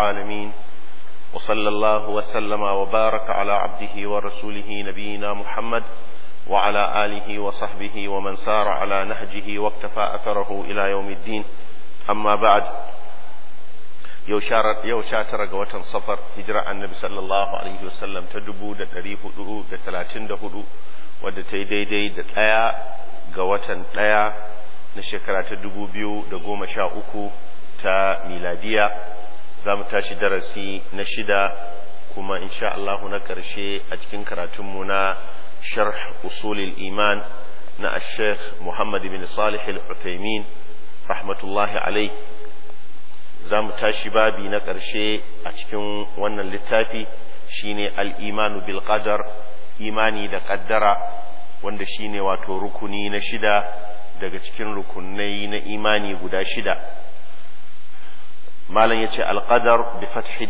العالمين وصلى الله وسلم وبارك على عبده ورسوله نبينا محمد وعلى آله وصحبه ومن سار على نهجه واكتفى أثره إلى يوم الدين أما بعد yau sha tara ga watan safar hijira annabi sallallahu alaihi wasallam ta dubu da dari hudu da talatin da hudu wadda ta yi daidai da ɗaya ga watan ɗaya na shekara ta biyu da goma sha uku ta miladiya za mu tashi darasi na shida kuma insha Allahu na ƙarshe a cikin karatunmu na sharh usulil iman na ashekh Muhammad bin Salih al-Uthaymin rahmatullahi alai za mu tashi babi na ƙarshe a cikin wannan littafi shine al-imanu bil qadar imani da ƙaddara wanda shine wato rukuni na shida daga cikin rukunai na imani guda shida malam ya ce alƙadar bi fathi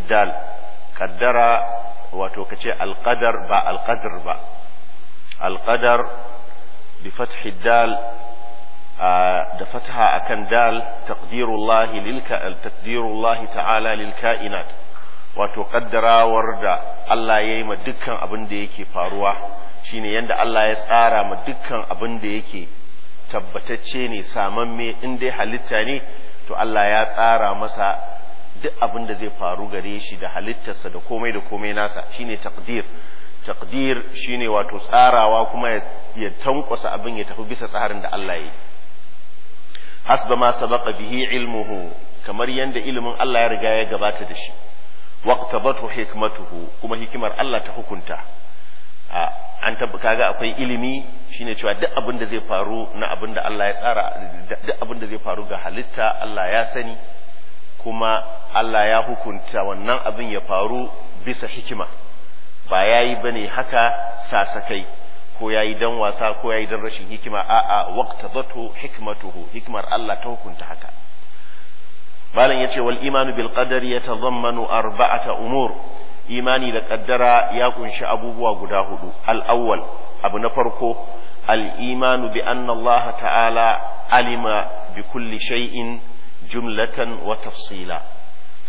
ƙaddara wato ka ce alƙadar ba alƙadar ba alƙadar bi fathi da fataha akan dal taqdirullahi ta'ala lilka'inat wato ƙaddarawar da Allah ya yi ma dukkan abin da yake faruwa shine yanda Allah ya tsara ma dukkan abin da yake tabbatacce ne samamme in dai halitta ne to Allah ya tsara masa duk abin da zai faru gare shi da halittarsa da komai da komai nasa shine takdir takdir shine wato tsarawa kuma ya tankwasa abin ya tafi bisa tsarin da Allah ya yi hasba ma sabaqa bihi ilmuhu kamar yanda ilimin Allah ya riga ya gabata da shi waqtabatu hikmatuhu kuma hikimar Allah ta hukunta an tabba ga akwai ilimi shine cewa duk abin da zai faru na abin da Allah ya tsara duk abin da zai faru ga halitta Allah ya sani kuma Allah ya hukunta wannan abin ya faru bisa hikima ba yayi bane haka sasakai ko yayi dan wasa ko yayi dan rashin hikima a'a waqtadatu hikmatuhu hikmar Allah ta hukunta haka malam yace wal imanu bil qadari yatazammanu arba'ata umur imani da kaddara ya kunshi abubuwa guda hudu al-awwal abu na farko al'imanu bi anna Allah ta'ala alima bi kulli shay'in jumlatan wa tafsila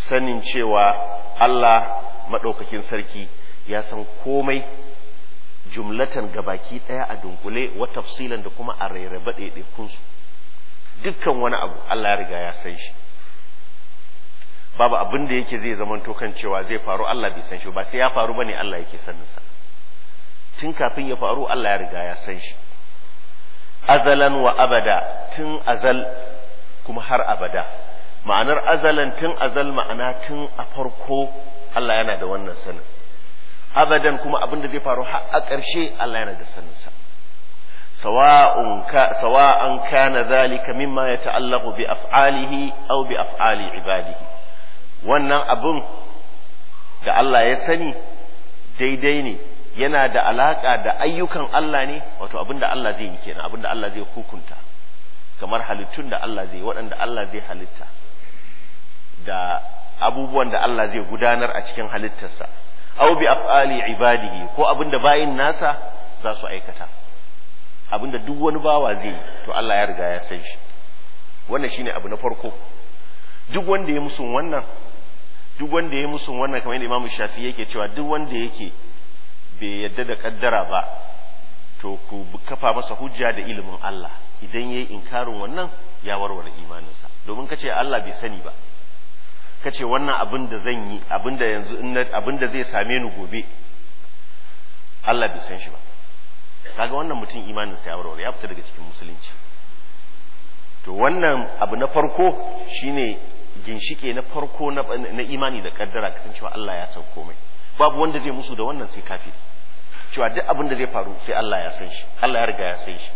sanin cewa Allah madaukakin sarki ya san komai jumlatan gabaki ɗaya a dunkule wa tafsilan da kuma a rarraba ɗaiɗaikunsu dukkan wani abu Allah ya riga ya san shi babu abin da yake zai zamanto kan cewa zai faru Allah bai san shi ba sai ya faru bane Allah yake sanin sa tun kafin ya faru Allah ya riga ya san shi azalan wa abada tun azal kuma har abada ma'anar azalan tun azal ma'ana tun a farko Allah yana da wannan sanin abadan kuma abin da zai faru har a ƙarshe Allah yana da sanin sa sawa'an kana zalika mimma yata'allaqu bi af'alihi aw bi af'ali ibadihi wannan abin da Allah ya sani daidai ne yana da alaƙa da ayyukan Allah ne wato abin da Allah zai yi kenan abin da Allah zai hukunta kamar halittun da Allah zai waɗanda Allah zai halitta da abubuwan da Allah zai gudanar a cikin halittarsa au bi af'ali ibadihi ko abin da bayin nasa za su aikata abin da duk wani bawa zai to Allah ya riga ya san shi wannan shine abu na farko duk wanda ya musun wannan duk wanda ya musun wannan kamar yadda imamu shafi yake cewa duk wanda yake bai yadda da kaddara ba to ku kafa masa hujja da ilimin Allah idan yayi inkarin wannan ya warware imaninsa domin kace Allah bai sani ba kace wannan abin da zan yi abin da yanzu abin da zai same ni gobe Allah bai san shi ba kaga wannan mutum imaninsa ya warware ya fita daga cikin musulunci to wannan abu na farko shine ginshike na farko na imani da kaddara kasan cewa Allah ya san komai babu wanda zai musu da wannan sai kafiri cewa duk abin da zai faru sai Allah ya san shi Allah ya riga ya san shi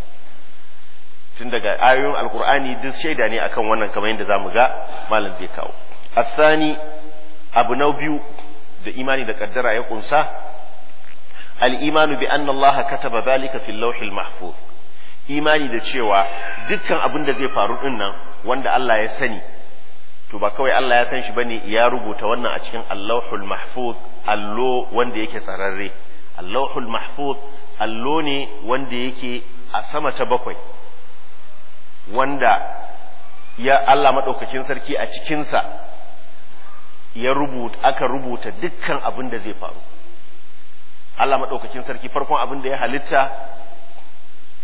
tun daga ayoyin alkur'ani duk shaida ne akan wannan kamar yadda zamu ga malam zai kawo asani abu na biyu da imani da kaddara ya kunsa al-imanu bi anna Allah kataba zalika fil lawhil mahfuz imani da cewa dukkan abin da zai faru din wanda Allah ya sani to ba kawai Allah ya san shi bane ya rubuta wannan a cikin Allahul Mahfuz allo wanda yake tsararre Allahul Mahfuz allo ne wanda yake a sama ta bakwai wanda ya Allah madaukakin sarki a cikinsa ya rubuta aka rubuta dukkan abin da zai faru Allah madaukakin sarki farkon abin da ya halitta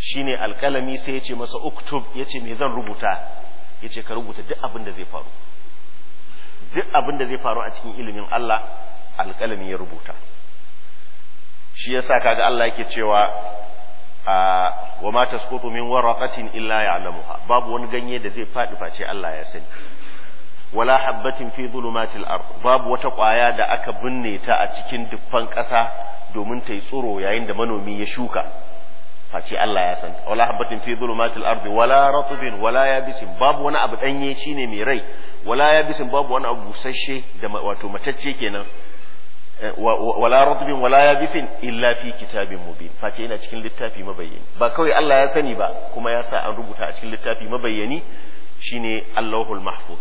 shine alkalami sai ya ce masa uktub ya ce me zan rubuta ya ce ka rubuta duk abin da zai faru duk abin da zai faru a cikin ilimin Allah alƙalami ya rubuta shi yasa kaga Allah yake cewa wa ma tasqutu min waraqatin illa ya'lamuha babu wani ganye da zai fadi face Allah ya sani wala habbatin fi dhulumatil ard babu wata ƙwaya da aka binne ta a cikin dukkan ƙasa domin ta yi tsoro yayin da manomi ya shuka face Allah ya san wala habatin fi zulumatil ardi wala ratbin wala yabisin babu wani abu danye shine mai rai wala yabisin babu wani abu busasshe da wato matacce kenan eh, wala ratbin wala yabisin illa fi kitabin mubin face ina cikin littafi mabayyani ba kawai Allah ya sani ba kuma ya sa an rubuta a cikin littafi mabayyani shine Allahul Mahfuz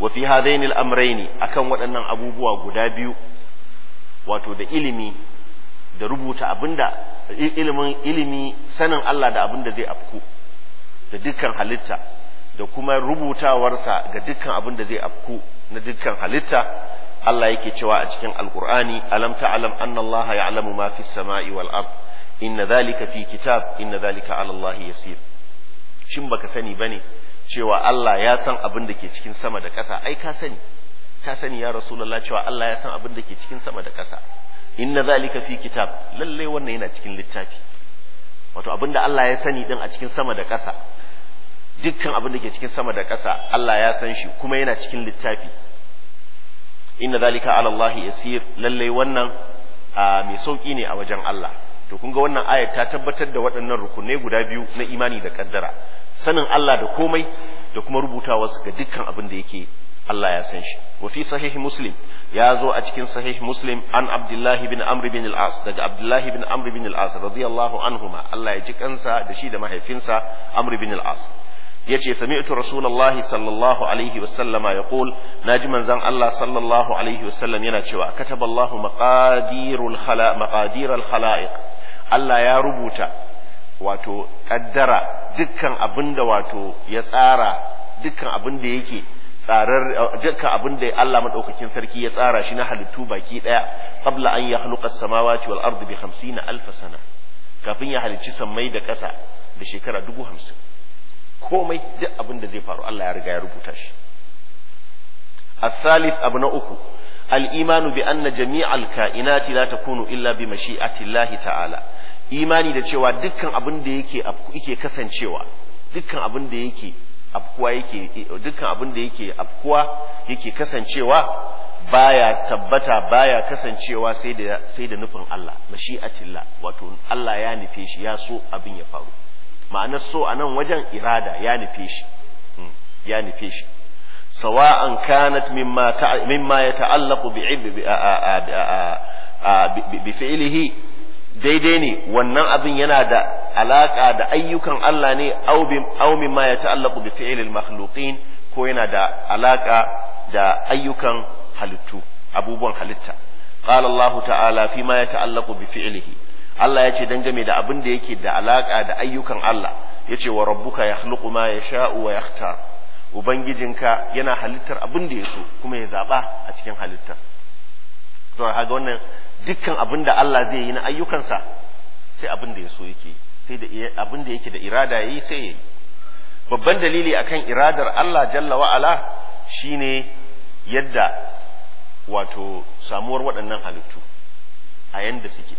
wa fi hadaini al-amrayni akan waɗannan abubuwa guda biyu wato da ilimi da rubuta abinda ilimin ilimi sanin Allah da abinda zai afku da dukkan halitta da kuma rubutawarsa ga dukkan abin da zai afku na dukkan halitta Allah yake cewa a cikin alkur'ani alam ta'lam anna Allah ya'lamu ma fis sama'i wal ard inna dhalika fi kitab inna dhalika 'ala Allah yasir shin baka sani bane cewa Allah ya san abin da ke cikin sama da ƙasa ai ka sani ka sani ya rasulullah cewa Allah ya san abin da ke cikin sama da ƙasa inna zalika fi kitab lalle wannan yana cikin littafi wato abinda Allah ya sani din a cikin sama da ƙasa dukkan abin da ke cikin sama da ƙasa Allah ya san shi kuma yana cikin littafi inna zalika ala Allah yasir lalle wannan mai sauki ne a wajen Allah to kun ga wannan ayat ta tabbatar da waɗannan rukunai guda biyu na imani da kaddara sanin Allah da komai da kuma rubutawa su ga dukkan abin da yake Allah ya san shi wa fi sahih muslim ya zo a cikin sahih muslim an abdullah bin amr bin al-as daga abdullah bin amr bin al-as radiyallahu anhuma Allah ya ji kansa da shi da mahaifinsa amr bin al-as yace sami'tu rasulullahi sallallahu alaihi wa wasallama yaqul naji manzon Allah sallallahu alaihi wa sallam yana cewa kataballahu maqadirul khala maqadiral khalaiq Allah ya rubuta wato kaddara dukkan abinda wato ya tsara dukkan abinda yake tsarar dukkan abin da Allah madaukakin sarki ya tsara shi na halittu baki daya qabla an yakhluqa as-samawati wal ardi bi 50 alf sana kafin ya halicci sammai da ƙasa da shekara dubu hamsin komai duk abin da zai faru Allah ya riga ya rubuta shi الثالث abu na uku الإيمان بأن جميع الكائنات لا تكون إلا بمشيئة الله ta'ala. imani da cewa dukkan abin da yake yake kasancewa dukkan abin da yake afkuwa yake dukkan abin da yake afkuwa yake kasancewa baya tabbata baya kasancewa sai da sai da nufin Allah mashi'atillah wato Allah ya nufe shi ya so abin ya faru ma'anar so a nan wajen irada ya nufe shi hmm, ya nufe shi sawa'an kanat mimma mimma yata'allaqu bi bi fi'lihi daidai ne wannan abin yana da alaka da ayyukan Allah ne aumin ma ya ta'allaku bi fi'lil makhluqin ko yana da alaka da ayyukan halittu abubuwan halitta qala Allah ta'ala fi ma ya ta'allaku bi fi'lihi Allah ya ce dangane da abin da yake da alaka da ayyukan Allah ya ce wa rabbuka yakhluqu ma yasha'u wa yakhtar ubangijinka yana halittar abin da ya so kuma ya zaba a cikin halittar to haga wannan dukkan abin da Allah zai yi na ayyukansa sai abin da ya so yake sai da abin da yake da irada yayi sai yayi babban dalili akan iradar Allah jalla wa ala shine yadda wato samuwar waɗannan halittu a yanda suke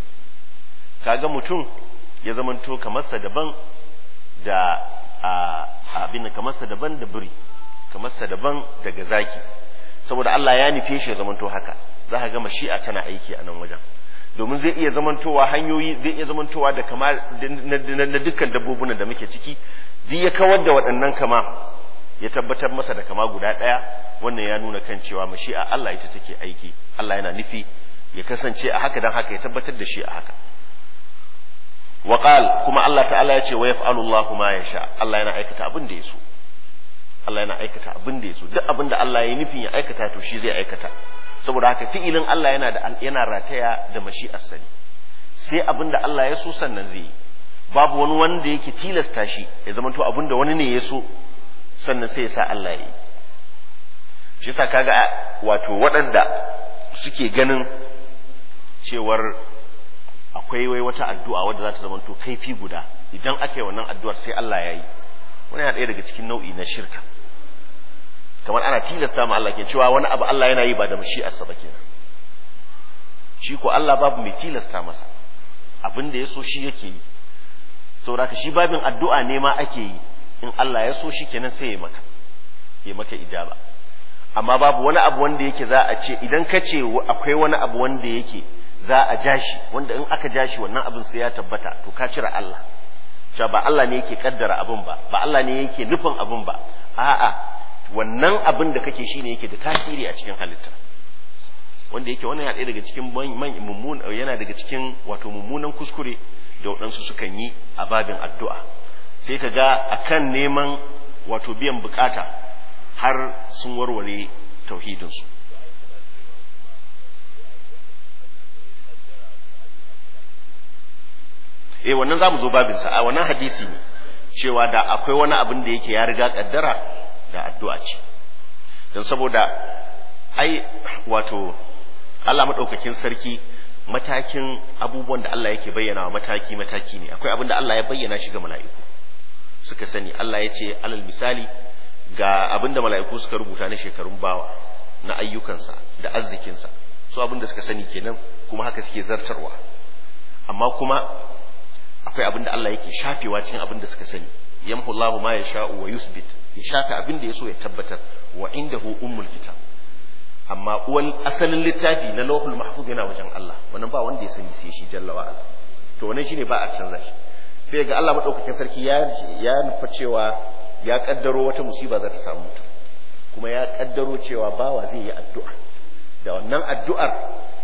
kaga mutum ya zamanto kamarsa daban da abin kamarsa daban da biri kamarsa daban daga zaki saboda Allah ya nufe shi ya zamanto haka za ka gama shi'a tana aiki a nan wajen domin zai iya zamantowa hanyoyi zai iya zamantowa da kama na dukkan dabbobin da muke ciki duk ya kawar da waɗannan kama ya tabbatar masa da kama guda ɗaya wannan ya nuna kan cewa mashi'a Allah ita take aiki Allah yana nufi ya kasance a haka dan haka ya tabbatar da shi a haka wa kuma Allah ta'ala ya ce wa yaf'alu Allahu ma yasha Allah yana aikata abin da yaso Allah yana aikata abin da yaso duk abin da Allah ya nufin ya aikata to shi zai aikata saboda haka fi'ilin Allah yana da yana rataya da mashi'ar sa ne sai abinda Allah ya so sannan zai yi babu wani wanda yake tilasta shi ya zama to da wani ne ya so sannan sai ya sa Allah ya yi shi yasa kaga wato waɗanda suke ganin cewar akwai wai wata addu'a wadda za ta zama to kaifi guda idan aka yi wannan addu'ar sai Allah ya yi wani yana ɗaya daga cikin nau'i na shirka kamar ana tilasta ma Allah ke cewa wani abu Allah yana yi ba da sa ba kenan shi ko Allah babu mai tilasta masa abin da ya so shi yake yi saboda shi babin addu'a ne ma ake yi in Allah ya so shi kenan sai ya maka ya maka ijaba amma babu wani abu wanda yake za a ce idan ka ce akwai wani abu wanda yake za a ja wanda in aka jashi wannan abin sai ya tabbata to ka cira Allah cewa ba Allah ne yake kaddara abin ba ba Allah ne yake nufin abin ba a'a wannan abin da kake shine yake da tasiri a cikin halitta wanda yake wannan yana daga cikin man mummun yana daga cikin wato mummunan kuskure da waɗansu sukan yi a babin addu'a sai ka ga akan neman wato biyan bukata har sun warware tauhidinsu eh wannan zamu zo babinsa a wannan hadisi ne cewa da akwai wani abin da yake ya riga kaddara da addu'a ce don saboda ai wato Allah maɗaukakin sarki matakin abubuwan da Allah yake bayyana mataki mataki ne akwai abin da Allah ya bayyana shi ga mala'iku suka sani Allah ya ce alal misali ga abin da mala'iku suka rubuta na shekarun bawa na ayyukansa da arzikinsa su abin da suka sani kenan kuma haka suke zartarwa amma kuma akwai abin da Allah yake shafewa cikin abin da suka sani Allahu ma yasha'u wa yusbit ya shafe abin da ya so ya tabbatar wa hu ummul kitab amma uwan asalin littafi na lawhul mahfuz yana wajen Allah wannan ba wanda ya sani sai shi jalla wa ala to wannan shine ba a canza shi sai ga Allah madaukakin sarki ya ya nufa cewa ya kaddaro wata musiba za ta samu mutum kuma ya kaddaro cewa bawa zai yi addu'a da wannan addu'ar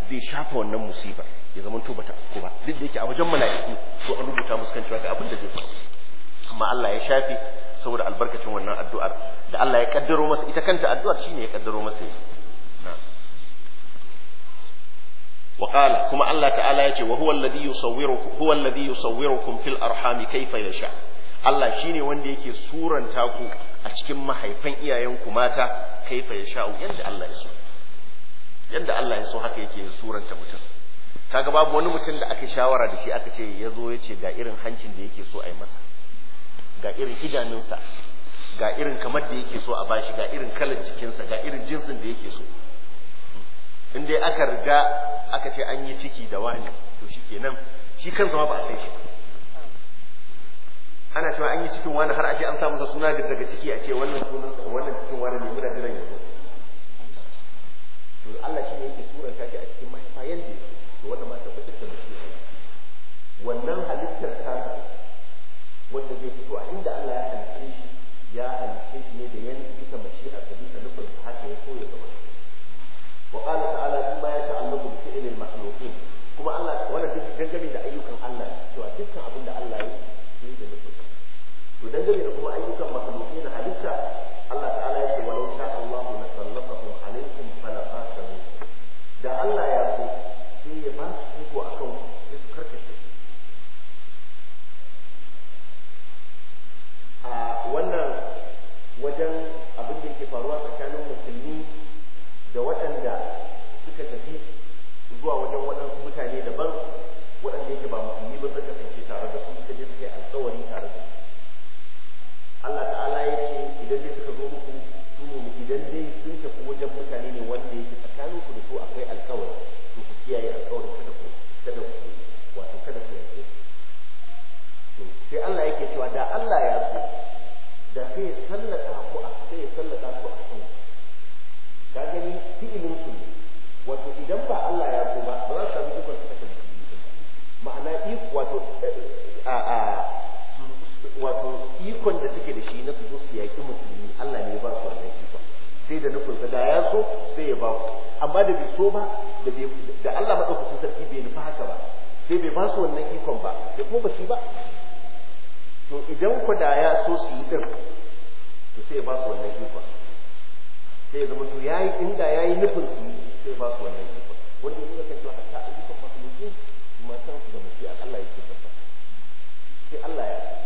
zai shafa wannan musibar ya zama to bata ko ba duk da yake a wajen mala'iku to an rubuta musu kan cewa ga abin da zai faru amma Allah ya shafe saboda albarkacin wannan addu'ar da Allah ya kaddaro masa ita kanta addu'ar shine ya kaddaro masa yi wa qala kuma Allah ta'ala yace wa huwa alladhi yusawwirukum huwa alladhi yusawwirukum fil arhami kayfa yasha Allah shine wanda yake suranta ku a cikin mahaifan iyayenku mata kaifa yasha yanda Allah ya so yanda Allah ya so haka yake suranta mutum kaga babu wani mutum da aka shawara da shi aka ce ya zo ya ce ga irin hancin da yake so a yi masa ga irin idanunsa ga irin kamar da yake so a bashi ga irin kalan cikinsa, ga irin jinsin da yake so in dai aka riga aka ce an yi ciki da wani to shi kenan shi kan zama ba a san shi ana cewa an yi cikin wani har a ce an sa suna daga ciki a ce wannan sunan wannan cikin wani ne muna jiran yanzu to Allah shi ne yake suran shi a cikin mahaifa yanda to wannan ma tabbatar da shi wannan halittar ta wanda zai fito a inda Allah ya halitta shi ya halitta shi ne da yan bisa mashi a bisa nufin haka ya so ya zama wa qala ta'ala kuma ya ta'allaqu bi fi'l al-makhluqin kuma Allah wannan duk dangane da ayyukan Allah cewa dukkan abin da Allah ya yi da nufin to dangane da kuma ayyukan makhluqin halitta Allah ta'ala ya ce walau sha Allahu la sallatahu alaikum fala fasalu da Allah ya faruwa tsakanin musulmi da waɗanda suka tafi zuwa wajen waɗansu mutane daban waɗanda yake ba musulmi ba suka kasance tare da su suka je suka yi alƙawari tare da su Allah ta'ala ya ce idan dai suka zo muku su idan dai sun tafi wajen mutane ne wanda yake tsakanin ku da su akwai alƙawari to ku kiyaye alƙawari kada ku kada ku wato kada ku yanke to sai Allah yake cewa da Allah ya so da sai ya sallata ku sai ya sallata ku ka gani fi'ilin su wato idan ba Allah ya so ba ba za su samu ikon su kashe musulmi ma'ana iko wato eh, a a wato ikon da suke da shi na su su yaƙi musulmi Allah ne ya ba su wannan ikon sai da nufin da ya so sai ya ba ku amma da bai so ba da bai da Allah madaukakin sarki bai nufa haka ba sai bai ba su wannan ikon ba sai kuma ba su ba to idan ku da ya so su yi din to sai ya ba su wannan ikon sai zama su yayi inda yayi nufin su sai ba su wannan ikon wanda yake kace cewa hatta ayyukan makhluki ma san su da mushi a Allah yake tabbata sai Allah ya sai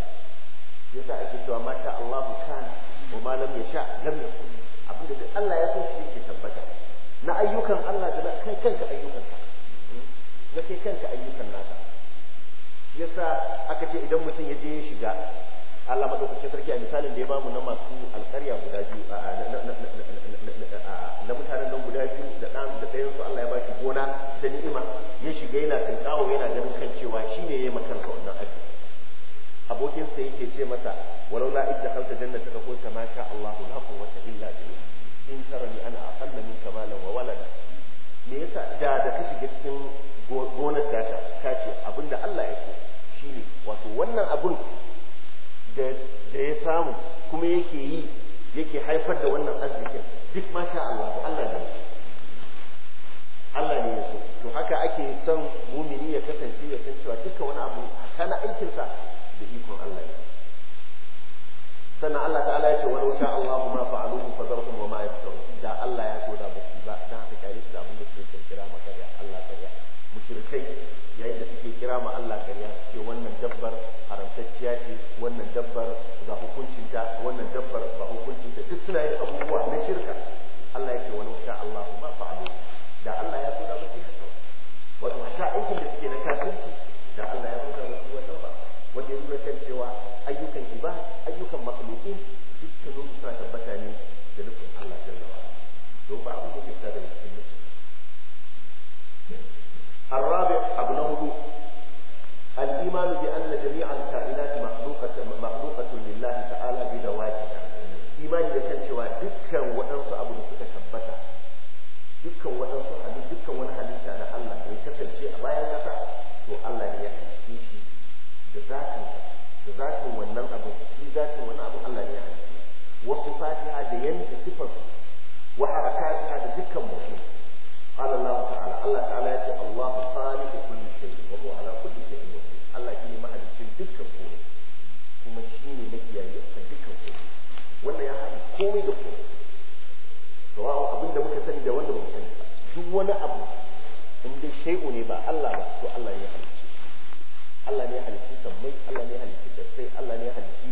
yasa ake cewa mata Allahu kana wa ma lam yasha lam yakun abinda duk Allah ya so shi yake tabbata na ayyukan Allah da kai kanka ayyukan ka hmm? na kai kanka ayyukan naka yasa aka ce idan mutum ya je ya shiga Allah madaukakin sarki a misalin da ya bamu na masu alkarya guda biyu na mutanen nan guda biyu da ɗan da ɗayan su Allah ya shi gona da ni'ima ya shiga yana kawo yana ganin kan cewa shine yayi yi ka wannan aiki abokin sa yake ce masa walau la idda khalta jannata ka kunta ma sha Allahu la quwwata illa billah in tarani ana aqallu min kamalan wa walada me yasa da da ka shiga cikin gonar data ka ce abinda Allah ya so shine wato wannan abun da ya samu kuma yake yi yake haifar da wannan arzikin duk masha Allah Allah ne Allah ne ya so to haka ake son mumini ya kasance ya san cewa duka wani abu kana na aikinsa da ikon Allah ne sannan Allah ta'ala ya ce wa sha Allah ma fa'aluhu fadarhum wa ma da Allah ya so da ba ba dan haka kare su da abin da suke kirkira makarya Allah karya mushrikai yayin da suke kira ma Allah ƙarya su ce wannan dabbar haramtacciya ce wannan dabbar ga hukuncinta wannan dabbar ba hukuncinta duk suna yin abubuwa na shirka Allah ya ce wani sha Allah ma fa'alu da Allah ya so da musu haka wato sha aikin da suke na kafirci da Allah ya nuna musu wannan ba wanda ya nuna kan cewa ayyukan ibad ayyukan makhluqin dukkan sa tabbata ne da nufin Allah jalla wa don ba abin da ke fita daga cikin nufin الرابع أبناء الإيمان بأن جميع الكائنات مخلوقة مخلوقة لله تعالى بذواتها إيمان بكن شوى دكا وأنصى أبو نفسك كبتا دكا وأنصى حديث دكا وأنا حديث أنا الله يكسر شيء أبايا كسا تو الله يكسر شيء بذات بذات وأنن أبو بذات وأنن أبو الله يكسر وصفاتها دين صفر وحركاتها دكا مخلوق قال الله تعالى الله تعالى الله خالق كل شيء وهو على كل komai da komai sawa'un abin da muka sani da wanda muka sani ba duk wani abu in dai shai'u ne ba Allah ba to Allah ne ya halicci Allah ne halicci sammai Allah ne ya halicci kasai Allah ne ya halicci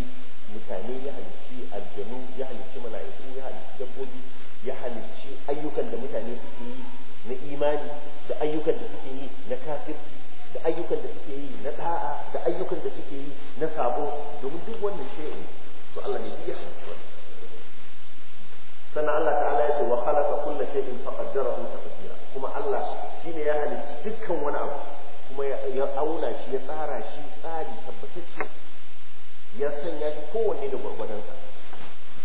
mutane ya halicci aljanu ya halicci mala'iku ya halicci dabbobi ya halicci ayyukan da mutane suke yi na imani da ayyukan da suke yi na kafirci da ayyukan da suke yi na da'a da ayyukan da suke yi na sabo domin duk wannan shai'u to Allah ne ya halicci sannan Allah ta'ala ya ce wa khalaqa kulla shay'in faqaddarahu taqdira kuma Allah shine ya halicci dukkan wani abu kuma ya auna shi ya tsara shi tsari tabbatacce ya sanya shi kowanne da gwargwadonsa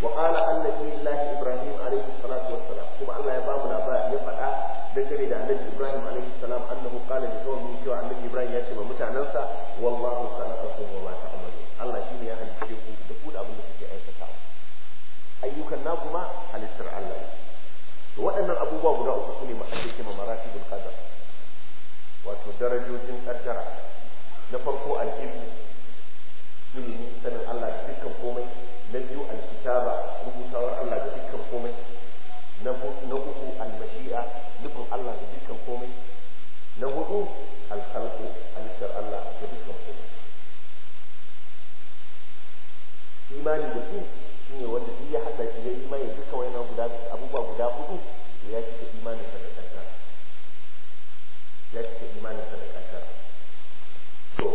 wa qala annabi illahi ibrahim alayhi salatu wassalam kuma Allah ya bamu labari ya faɗa dangane da annabi ibrahim alayhi salam annahu qala li qaumihi cewa annabi ibrahim ya ce ma mutanansa wallahu khalaqakum wa ma ta'malun Allah shine ya halitta ku da ku da abin da ayyukan na kuma halittar Allah ne to waɗannan abubuwa guda uku su ne ake kima maratibul qadar wato darajojin ƙaddara na farko al-ilmu ilmi sanin Allah da dukkan komai na biyu al-kitaba rubutawar Allah da dukkan komai na uku al-mashi'a nufin Allah da dukkan komai na hudu al-khalqu halittar Allah da dukkan komai imani da su shine wanda duk ya haɗa shi ya imani duka wayannan guda abubuwa guda hudu to ya cika imanin sa da kaddara ya cika imanin sa da kaddara to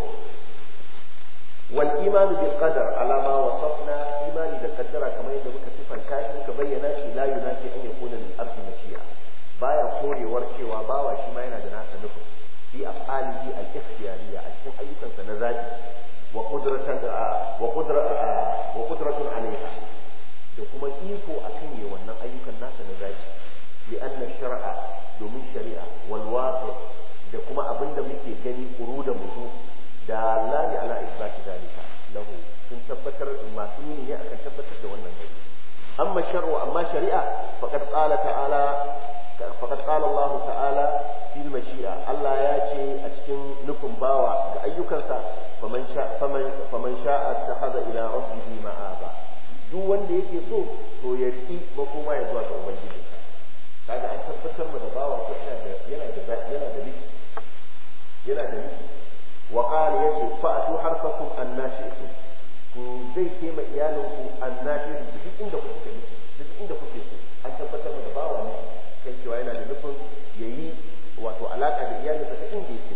wal iman bil qadar ala ma wasafna imani da kaddara kamar yadda muka sifanta shi muka bayyana shi la yunafi an yakuna lil ardi mashi'a baya korewar cewa bawa shi ma yana da nasa nufin fi af'alihi al-ikhtiyariyya a cikin ayyukansa na zabi وقدرة وقدرة وقدرة عليها da kuma iko a yi wannan ayyukan nasa na zaki li anna shar'a domin shari'a wal da kuma abinda muke gani kuru da mutu da lani ala isbati dalika lahu sun tabbatar masu ne akan tabbatar da wannan gari أما الشر وأما شريعة فقد قال تعالى فقد قال الله تعالى في المشيئة الله ياتي أتكن نكم باوا كأيك فمن شاء فمن فمن شاء اتخذ إلى ربه مآبا duk wanda yake so to ya riki makoma ya zuwa ga ubangiji kaga an tabbatar mu da bawa ko yana da yana da yana da miki yana da miki wa qala yasu fa'atu harfakum annashi'tum ku zai ke ma iyalinku annashirin duk inda kuke duk inda kuke so an tabbatar da bawa ne kan cewa yana da nufin yayi wato alaka da iyalinsa ta inda yake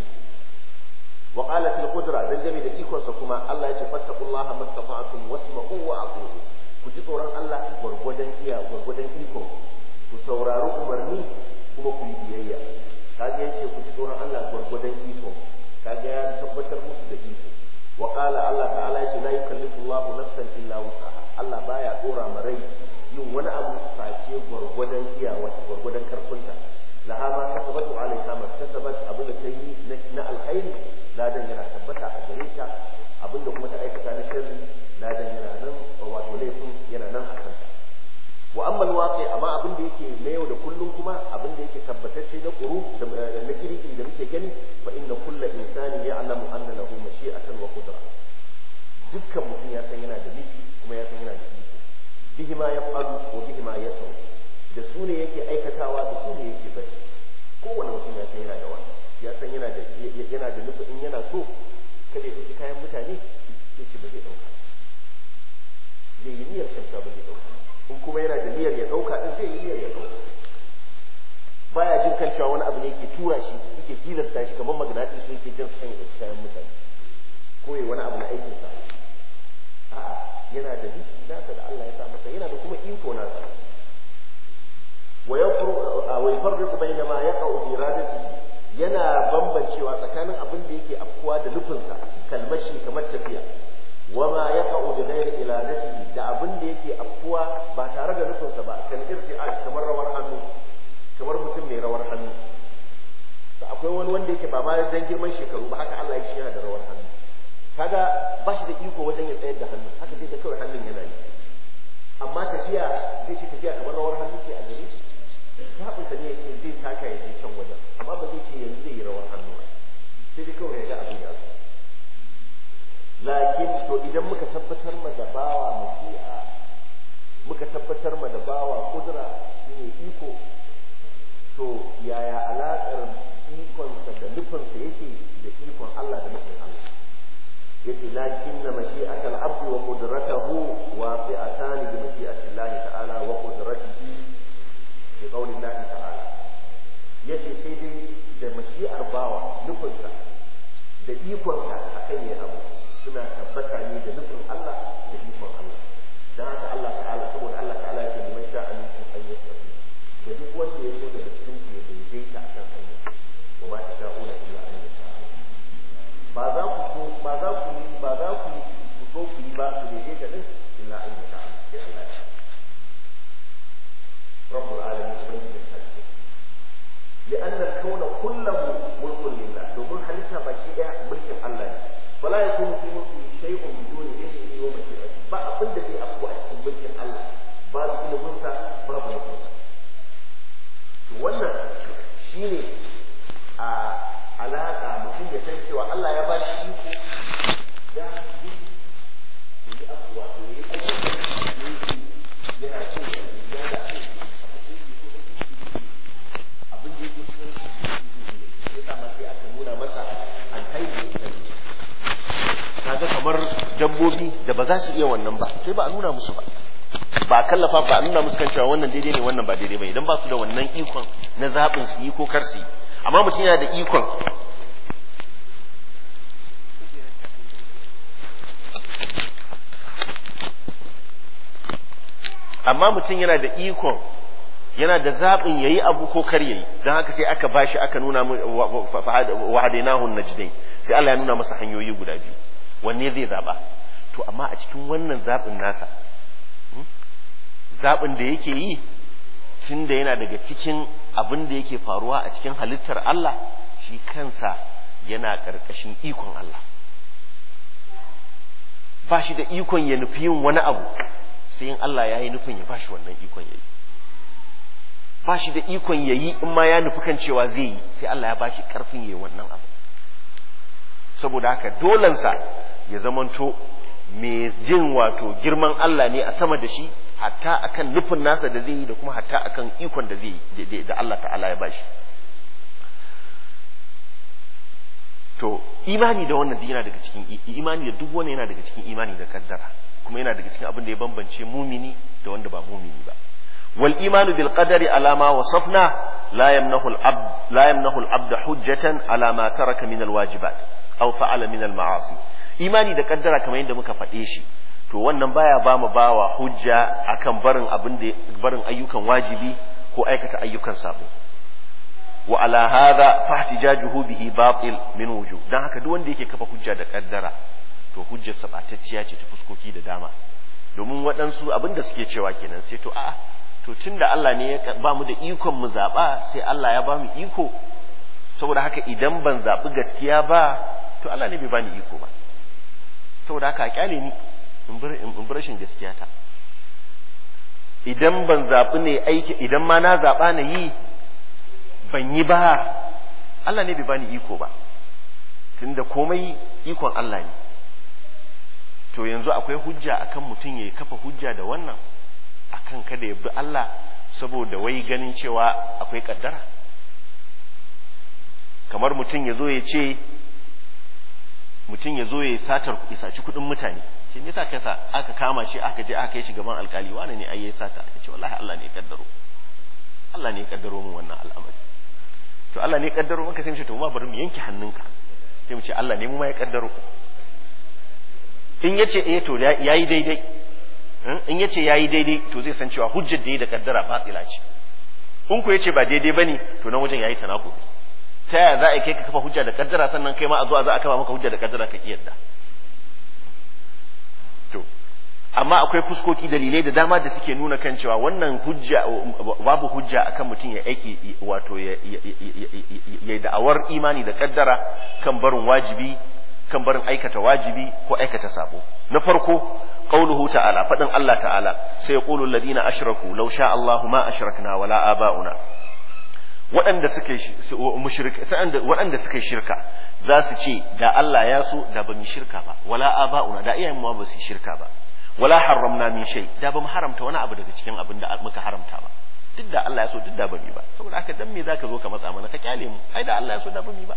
wa qala fil qudra dan jami da ikon sa kuma Allah ya ce fattaqullaha mastata'tum wasma'u wa aqulu ku ji tsoron Allah gurgudan iya gurgudan ikon ku saurari umarni kuma ku yi biyayya kaga yace ku ji tsoron Allah gurgudan ikon kaga ya tabbatar musu da ikon wa Allah ta'ala ya ce la yukallifu Allahu nafsan illa wusaha Allah baya dora ma rai yin wani abu face gwargwadon iyawa gwargwadon karfinta laha ma kasabatu alaiha ma kasabat abin da ta yi na alkhairi ladan yana tabbata a gare abin da kuma ta aikata na sharri ladan yana nan wato laifin yana nan a kanta wa amma amma abin da yake na yau da kullum kuma abin da yake na quru na da muke gani fa inna kullu insani ya'lamu anna mashi'atan wa qudra dukkan mutum ya san yana da miki kuma ya san yana da iko bihima yaf'alu wa bihima yatru da su ne yake aikatawa da su ne yake bari kowane mutum ya san yana da wani ya san yana da yana da nufi in yana so kada ya dauki kayan mutane yake ce ba zai dauka zai yi niyyar kyauta ba zai dauka in kuma yana da niyyar ya dauka din zai yi niyyar ya dauka baya jin kan cewa wani abu ne yake tura shi yake tilasta shi kamar maganatin su yake jin san kayan mutane ko ya wani abu na aikin sa a'a yana da rizki nasa da Allah ya sa masa yana da kuma iko nasa wa yafru wa yafarriqu bayna ma yaqa'u bi iradatihi yana bambancewa tsakanin abin da yake afkuwa da nufinsa kalmashi kamar tafiya wa ma yaqa'u bi ghairi iradatihi da abin da yake afkuwa ba tare da nufinsa ba kan irti'a kamar rawar hannu kamar mutum mai rawar hannu akwai wani wanda yake ba ma dan girman shekaru ba haka Allah ya shi da rawar hannu kaga ba shi da iko wajen ya tsayar da hannu haka sai da kawai hannun yana yi amma tafiya zai ce tafiya kamar rawar hannu ce a gare, gari zaɓinsa ne ya ce zai taka ya je can wajen amma ba zai ce yanzu zai yi rawar hannu ba sai dai kawai ya ga abin ya zo lakin to idan muka tabbatar ma da bawa mafi'a muka tabbatar ma da bawa kudura ne iko to yaya alaƙar ikonsa da nufinsa yake da ikon Allah da nufin yace lakinna mashi'atal abdi wa qudratuhu waqi'atan bi mashi'ati Allah ta'ala wa qudratihi bi qawli Allah ta'ala yace sai dai da mashi'ar bawa nufinsa da ikonsa akan ya abu suna tabbata ne da nufin Allah da ikon Allah dan haka Allah ta'ala saboda Allah ta'ala yake liman sha'a minkum an yastafi da duk wanda ya so daga cikin ku ya daidaita akan hanya wa ma ta'ala illa an yasha ba za ku so ba za ku ba za ku ku so ku yi ba su daidaita din illa an yi ta'ala sai Allah ya رب العالمين سبحانه وتعالى لأن الكون كله ملك لله دومون حليتها باكيدا ملك الله فلا يكون في ملكه شيء بدون إذنه ومشيئته فأقل الذي أقوى من ملك الله بعد كل منسى باب نفسه وانا شيني آه، علاقة mutum ya san cewa Allah ya dabbobi da ba za su iya wannan ba sai ba a nuna musu ba ba kallafa ba a nuna musu kan cewa wannan daidai ne wannan ba daidai ba idan ba su da wannan ikon na zaɓin su yi ko kar su yi amma mutum yana da ikon amma mutum yana da ikon yana da zaɓin ya yi abu ko kar yayi don haka sai aka bashi aka nuna wahadainahun najdain sai Allah ya nuna masa hanyoyi guda biyu wanne zai zaɓa to amma a cikin wannan zaɓin nasa hmm, zaɓin da yake yi tun da yana daga cikin abin da yake faruwa a cikin halittar Allah shi kansa yana ƙarƙashin ikon Allah ba shi da ikon ya nufi yin wani abu sai in Allah ya yi nufin ya ba shi wannan ikon ya yi ba shi da ikon ya yi in ma ya nufi kan cewa zai yi sai Allah ya ba shi ƙarfin ya yi wannan abu saboda haka dolansa ya zamanto mai jin wato girman Allah ne a sama da shi hatta akan nufin nasa da zai yi da kuma hatta akan ikon da zai yi da Allah ta'ala ya bashi to imani da wannan yana daga cikin imani da duk wani yana daga cikin imani da kaddara kuma yana daga cikin abin da ya bambance mumini da wanda ba mumini ba wal imanu bil qadari ala ma wasafna la yamnahu al abd hujjatan ala ma taraka min al wajibat ma'asi imani da kaddara kamar yadda muka faɗe shi to wannan baya ba mu bawa hujja akan barin abin da barin ayyukan wajibi ko aikata ayyukan sabo wa ala hadha fahtijajuhu bihi batil min wujuh dan haka duk wanda yake kafa hujja da kaddara to hujjar sabatacciya ce ta fuskoki da dama domin waɗansu abin da suke cewa kenan sai to a'a to tunda Allah ne ya ba mu da ikon mu zaɓa sai Allah ya ba mu iko saboda haka idan ban zaɓi gaskiya ba to Allah ne bai bani iko ba saboda haka a kyale ni in bi rashin gaskiya ta idan ban zaɓi ne aiki idan ma na zaɓa na yi ban yi ba Allah ne bai bani iko ba tunda komai ikon Allah ne to yanzu akwai hujja akan mutum ya kafa hujja da wannan akan kada ya bi Allah saboda wai ganin cewa akwai kaddara kamar mutum ya zo ya ce mutum ya zo ya satar ya saci kuɗin mutane shi ne yasa sa aka kama shi aka je aka yi shi gaban alkali wani ne ai ya sata aka ce wallahi Allah ne ya kaddaro Allah ne ya kaddaro mu wannan al'amari to Allah ne ya kaddaro maka sai mu ce to ma bari mu yanke hannunka sai mu ce Allah ne mu ma ya kaddaro in yace eh to yayi daidai in yace yayi daidai to zai san cewa hujjar da yi da kaddara fasila ce in ku ya ce ba daidai ba bane to nan wajen yayi sanako ta yaya za a kai ka kafa hujja da kaddara sannan kai ma a zo a za a kafa maka hujja da kaddara ka kiyarda to amma akwai fuskoki dalilai da dama da suke nuna kan cewa wannan hujja babu hujja akan mutum ya aiki wato ya da'awar imani da kaddara kan barin wajibi kan barin aikata wajibi ko aikata sabo na farko qauluhu ta'ala fadin Allah ta'ala sai ya qulu alladhina ashraku law sha Allah ma ashrakna wala aba'una waɗanda suke mushrika waɗanda suke shirka za su ce da Allah ya so da ba shirka ba wala aba'una da iyayen mu ba su shirka ba wala haramna min shay da ba mu haramta wani abu daga cikin abin da muka haramta ba duk da Allah ya so duk da ba mu ba saboda haka dan me zaka zo ka matsa mana ka kyale mu ai da Allah ya so da ba mu ba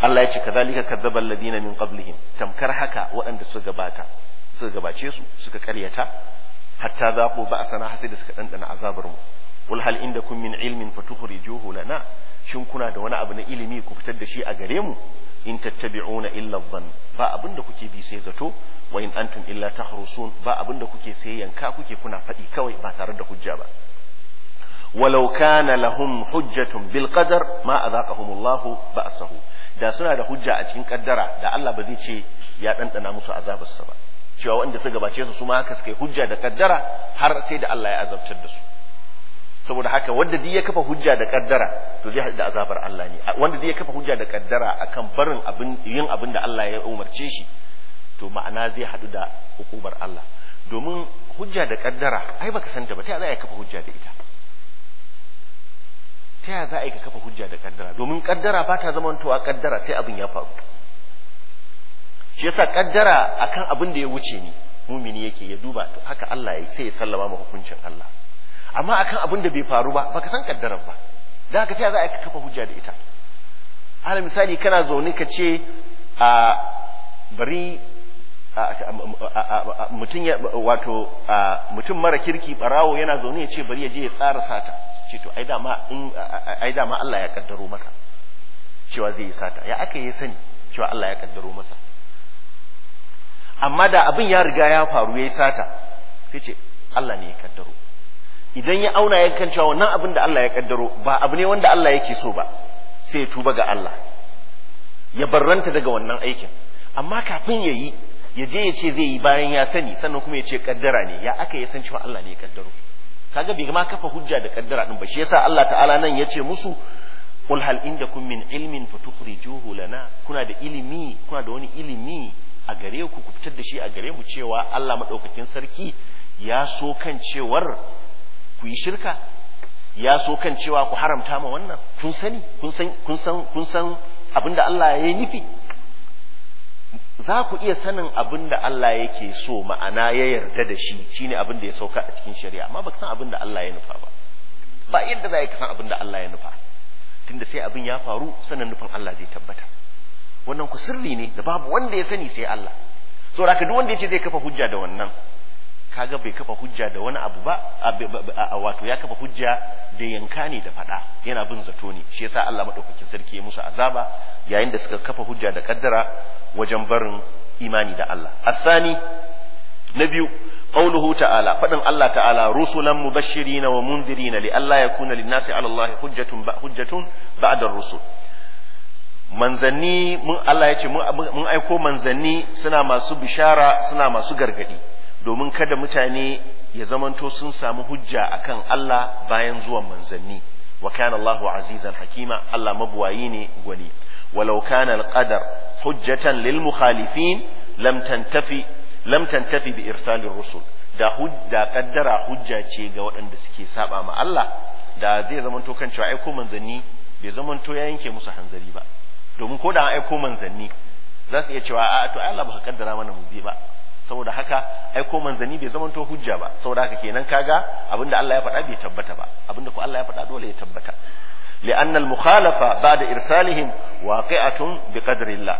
Allah ya ce zalika kadzdzaba alladhina min qablihim tamkar haka waɗanda suka gabata suka gabace su suka karyata hatta zaqu ba'sana hasai da suka dandana azabar mu wal hal indakum min ilmin fatukhrijuhu lana shin kuna da wani abu na ilimi ku fitar da shi a gare mu in tattabi'una illa dhann ba da kuke bi sai zato wa in antum illa tahrusun ba da kuke sai yanka kuke kuna faɗi kawai ba tare da hujja ba walau kana lahum hujjatun bil qadar ma azaqahum Allah ba'sahu da suna da hujja a cikin kaddara da Allah ba zai ce ya ɗanɗana musu azabarsa ba cewa wanda suka gabace su suma haka suka yi hujja da kaddara har sai da Allah ya azabtar da su saboda haka wanda duk ya kafa hujja da kaddara to zai da azabar Allah ne wanda duk ya kafa hujja da kaddara akan barin abin yin abin da Allah ya umarce shi to ma'ana zai hadu da hukumar Allah domin hujja da kaddara ai baka santa ba ta za a kafa hujja da ita ta yaya za a yi ka kafa hujja da kaddara domin kaddara ba ta zama a kaddara sai abin ya faru shi yasa kaddara akan abin da ya wuce ni mumini yake ya duba to haka Allah ya sai ya sallama ma hukuncin Allah amma akan abin da bai faru ba baka san kaddarar ba da haka ta za a yi ka kafa hujja da ita ala misali kana zaune ka ce a bari mutum ya wato mutum mara kirki barawo yana zaune ya ce bari ya je ya tsara sata ce to ai dama dama Allah ya kaddaro masa cewa zai yi sata ya aka yi sani cewa Allah ya kaddaro masa amma da abin ya riga ya faru ya yi sata sai ce Allah ne ya kaddaro idan ya auna ya kan cewa wannan abin da Allah ya kaddaro ba abu ne wanda Allah yake so ba sai ya tuba ga Allah ya barranta daga wannan aikin amma kafin ya yi ya je ya ce zai yi bayan ya sani sannan kuma ya ce kaddara ne ya aka ya san cewa Allah ne ya kaddaro kaga bai ma kafa hujja da kaddara din ba shi yasa Allah ta'ala nan ya ce musu qul hal indakum min ilmin fatukhrijuhu lana kuna da ilimi kuna da wani ilimi a gare ku ku fitar da shi a gare mu cewa Allah madaukakin sarki ya so kan cewar ku yi shirka ya so kan cewa ku haramta ma wannan kun sani kun san kun san abinda Allah ya yi nufi za ku iya sanin abin da Allah yake so ma'ana ya yarda da shi shine abin da ya sauka a cikin shari'a amma baka san abin da Allah ya nufa ba ba yadda za ka san abin da Allah ya nufa tunda sai abin ya faru sanin nufin Allah zai tabbata wannan ku sirri ne da babu wanda ya sani sai Allah saboda haka duk wanda ya ce zai kafa hujja da wannan kaga bai kafa hujja da wani abu ba a wato ya kafa hujja da yanka ne da fada yana bin zato ne shi yasa Allah madaukakin sarki ya musu azaba yayin da suka kafa hujja da kaddara wajen barin imani da Allah asani na biyu qauluhu ta'ala fadin Allah ta'ala rusulan mubashirin wa mundirin li alla yakuna lin-nasi 'ala Allah hujjatun ba hujjatun ba'da ar-rusul manzanni mun Allah ya ce mun aiko manzanni suna masu bishara suna masu gargadi domin kada mutane ya zamanto sun samu hujja akan Allah bayan zuwan manzanni wa kana Allahu azizan hakima Allah mabuwayi ne gwani walau kana qadar hujjatan lil mukhalifin lam tantafi lam tantafi bi irsalir rusul da hujja kaddara hujja ce ga waɗanda suke saba ma Allah da zai zamanto kan cewa aiko manzanni bai zamanto ya yanke musu hanzari ba domin ko da an aiko manzanni za su iya cewa a to Allah baka kaddara mana mu bi ba saboda haka ai ko manzani bai zamanto hujja ba saboda haka kenan kaga abinda Allah ya faɗa bai tabbata ba abinda ko Allah ya faɗa dole ya tabbata li'anna al-mukhalafa ba'da irsalihim waqi'atun biqadri Allah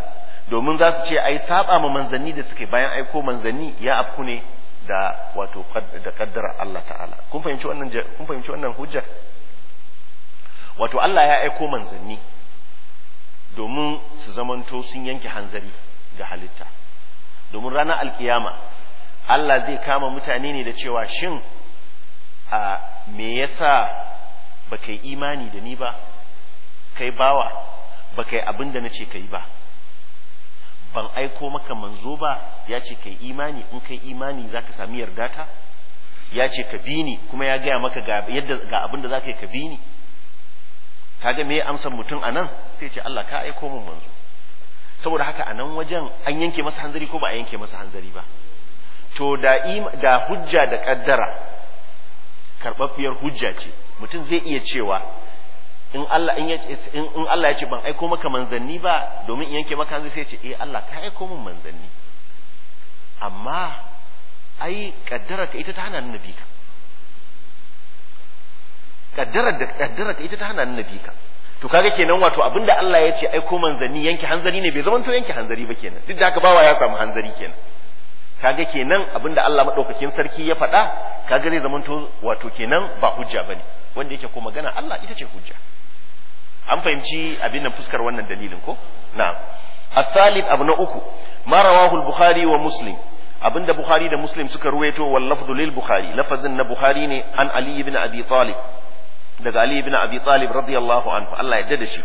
domin za su ce ai saba ma manzanni da suke bayan aiko manzanni ya afku ne da wato da kaddara Allah ta'ala kun fahimci wannan kun fahimci wannan hujjar wato Allah ya aiko manzanni domin su zamanto sun yanke hanzari ga halitta domin rana alkiyama Allah zai kama mutane ne da cewa shin a me yasa ba kai imani da ni ba kai bawa ba kai abin da na ce kai ba ban aiko maka manzo ba ya ce kai imani in kai imani zaka sami yarda ta ya ce ka bi ni kuma ya gaya maka ga yadda ga abin da za ka yi ka bi ni kaga me ya amsa mutum anan sai ce Allah ka aiko min manzo saboda haka a nan wajen an yanke masa hanzari ko ba a yanke masa hanzari ba to da hujja da kaddara karbabbiyar hujja ce mutum zai iya cewa in Allah ya ce ban aiko maka manzanni ba domin in yanke maka hanzari sai ya ce eh, Allah ka aiko min manzanni amma ai kaddara ka ita ta hana nabi ka kaddara da kaddara ita ta hana nabi ka to kaga kenan wato abinda Allah ya ce ai ko manzanni yanke hanzari ne bai zama to yanke hanzari ba kenan duk da haka bawa ya samu hanzari kenan kaga kenan abinda Allah madaukakin sarki ya faɗa kaga zai zama to wato kenan ba hujja bane wanda yake ko magana Allah ita ce hujja an fahimci abin nan fuskar wannan dalilin ko na'am الثالث abu na uku ما رواه البخاري ومسلم abinda Bukhari da Muslim suka ruwaito wal lafdhu lil Bukhari lafazin na Bukhari ne an Ali ibn Abi Talib daga Ali ibn Abi Talib radiyallahu anhu Allah ya da shi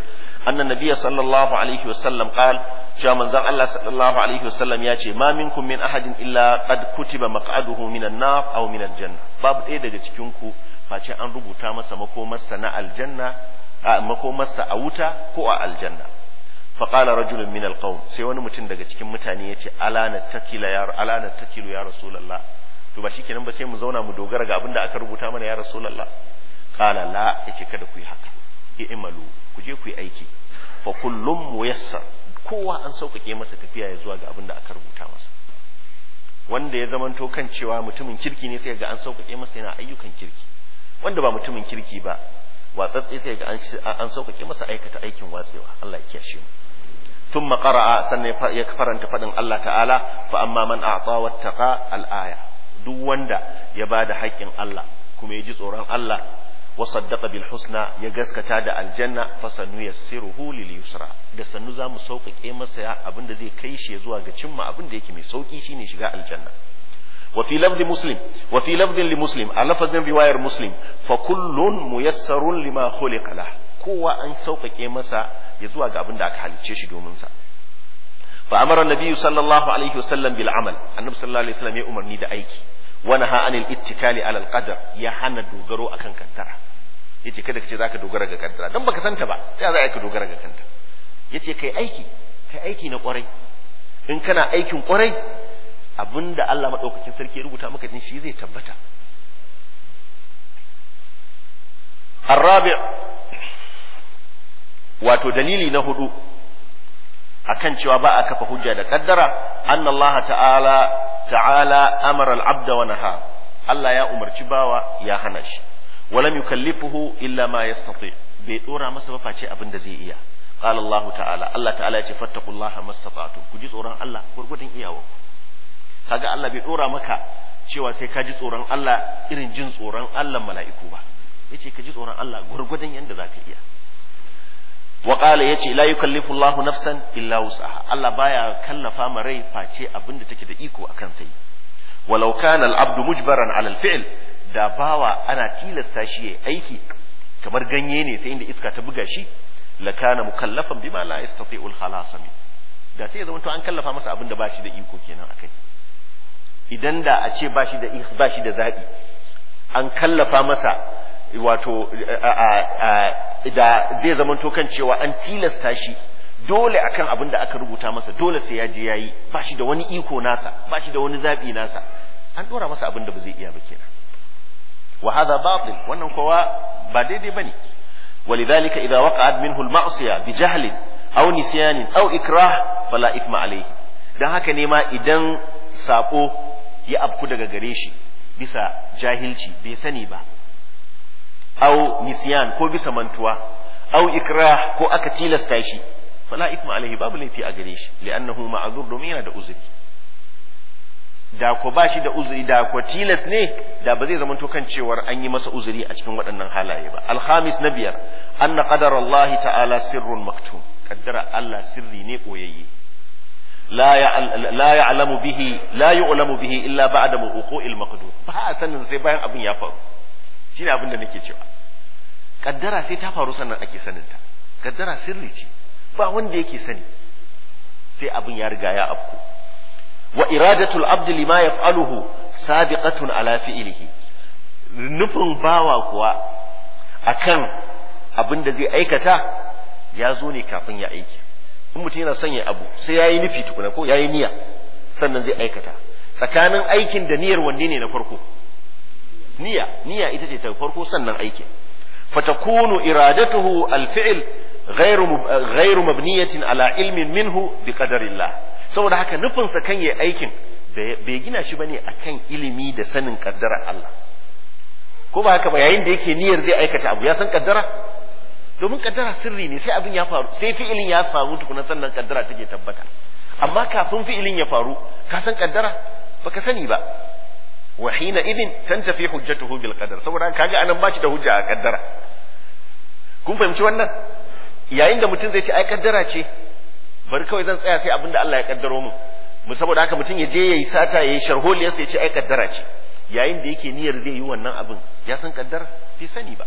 annan nabiyya sallallahu alaihi wa wasallam qal cewa manzon Allah sallallahu alaihi wa sallam ya ce ma minkum min ahadin illa qad kutiba maq'aduhu minan nar aw minal janna babu ɗaya daga cikin ku face an rubuta masa makomarsa na aljanna a makomarsa a wuta ko a aljanna fa qala rajulun min alqawm sai wani mutum daga cikin mutane yace ala nattakila ya ala nattakilu ya rasulullah to ba shikenan ba sai mu zauna mu dogara ga abinda aka rubuta mana ya rasulullah qala la yace kada ku yi haka i'malu ku je ku yi aiki fa kullum muyassar kowa an sauƙaƙe masa tafiya ya zuwa ga abin da aka rubuta masa wanda ya zamanto kan cewa mutumin kirki ne sai ga an sauƙaƙe masa yana ayyukan kirki wanda ba mutumin kirki ba watsatsi sai ga an sauƙaƙe masa aikata aikin watsewa Allah ya kiyashe mu ثم قرأ سنة أن تفضل الله تعالى فأما من أعطى واتقى الآية دو وندا يباد حق الله كم ji tsoron Allah. wa saddaqa bil husna ya gaskata da aljanna fa sanu yassiruhu lil yusra da sannu zamu sauƙaƙe masa abin da zai kai shi zuwa ga cimma abin da yake mai sauƙi shine shiga aljanna wa fi lafzi muslim wa fi lafzin li muslim a lafazin riwayar muslim fa kullun muyassarun lima khuliqa lah kowa an sauƙaƙe masa ya zuwa ga abin da aka halice shi domin sa fa amara nabiyyu sallallahu alaihi wasallam bil amal annabi sallallahu alaihi wasallam ya umarni da aiki wani ha'anin ittikali alal qadar ya hana dogaro akan kaddara yace kada kace zaka dogara ga kaddara dan baka santa ba sai za ka dogara ga kanta yace kai aiki kai aiki na kwarai in kana aikin kwarai abinda Allah madaukakin sarki ya rubuta maka din shi zai tabbata الرابع wato dalili na hudu akan cewa ba a kafa hujja da kaddara anna ta'ala ta'ala amara al-abda wa naha Allah ya umarci bawa ya hana shi walam yukallifuhu illa ma yastati bai dora masa ba face abin da zai iya qala Allah ta'ala Allah ta'ala ya ce fattaqullaha mastata'tum ku ji tsoron Allah gurgudun iyawa kaga Allah bai dora maka cewa sai ka ji tsoron Allah irin jin tsoron Allah mala'iku ba yace ka ji tsoron Allah gurgudun yanda zaka iya Waƙala ya ce layu yukallifu Allahu nafsan illa wusaha Allah baya kallafa ma rai face abinda take da iko akan ta yi walau abdu mujbaran ala al da bawa ana tilasta shi yayi aiki kamar ganye ne sai inda iska ta buga shi la kana mukallafan bima la yastati'u al da sai ya zama an kallafa masa abinda ba shi da iko kenan akai idan da a ba shi da ba an kallafa masa wato da zai zamanto kan cewa an tilasta shi dole akan abin da aka rubuta masa dole sai ya je yayi ba shi da wani iko nasa ba shi da wani zabi nasa an ɗora masa abin da ba zai iya ba kenan wa hadha batil wannan kowa ba daidai bane ولذلك إذا وقعت منه المعصية بجهل أو نسيان أو إكراه فلا إثم عليه dan haka ne ma idan sako ya afku daga gare shi bisa jahilci bai sani ba au nisyan ko bisa mantuwa au ikrah ko aka tilasta shi fala ithma alaihi babu laifi a gare shi li'annahu ma'zur domin yana da uzuri da ba shi da uzuri da ko tilas ne da ba zai zama to kan cewar an yi masa uzuri a cikin waɗannan halaye ba alhamis na biyar anna qadara Allah ta'ala sirrun maktum qaddara Allah sirri ne koyayye la ya'lamu bihi la yu'lamu bihi illa ba'da wuqu'il maqdur ba sanin sai bayan abin ya faru shine abin da nake cewa kaddara sai ta faru sannan ake sanin ta kaddara sirri ce ba wanda yake sani sai abin ya riga ya afku wa iradatul abd lima yaf'aluhu sabiqatun ala fi'lihi nufin bawa kuwa akan abin da zai aikata ya zo ne kafin ya aiki in mutum yana sanya abu sai ya nufi tukuna ko ya niyya sannan zai aikata tsakanin aikin da niyyar wanne ne na farko niyya niyya ita ce ta farko sannan aikin fatakunu iradatuhu alfi'l ghairu mabniyatin ala ilmin minhu bi qadarillah saboda haka nufin sa kan yayi aikin bai gina shi bane akan ilimi da sanin kaddara Allah ko ba haka ba yayin da yake niyyar zai aikata abu ya san kaddara domin kaddara sirri ne sai abin ya faru sai fi'ilin ya faru tukuna sannan kaddara take tabbata amma kafin fi'ilin ya faru ka san kaddara baka sani ba wa hina idin tantafi hujjatuhu bil qadar saboda kaga anan ba shi da hujja a kaddara kun fahimci wannan yayin da mutum zai ce ai kaddara ce bari kawai zan tsaya sai abinda Allah ya kaddaro min mu saboda haka mutum ya je yayi sata yayi sharholiya sai ya ce ai kaddara ce yayin da yake niyyar zai yi wannan abin ya san kaddara fi sani ba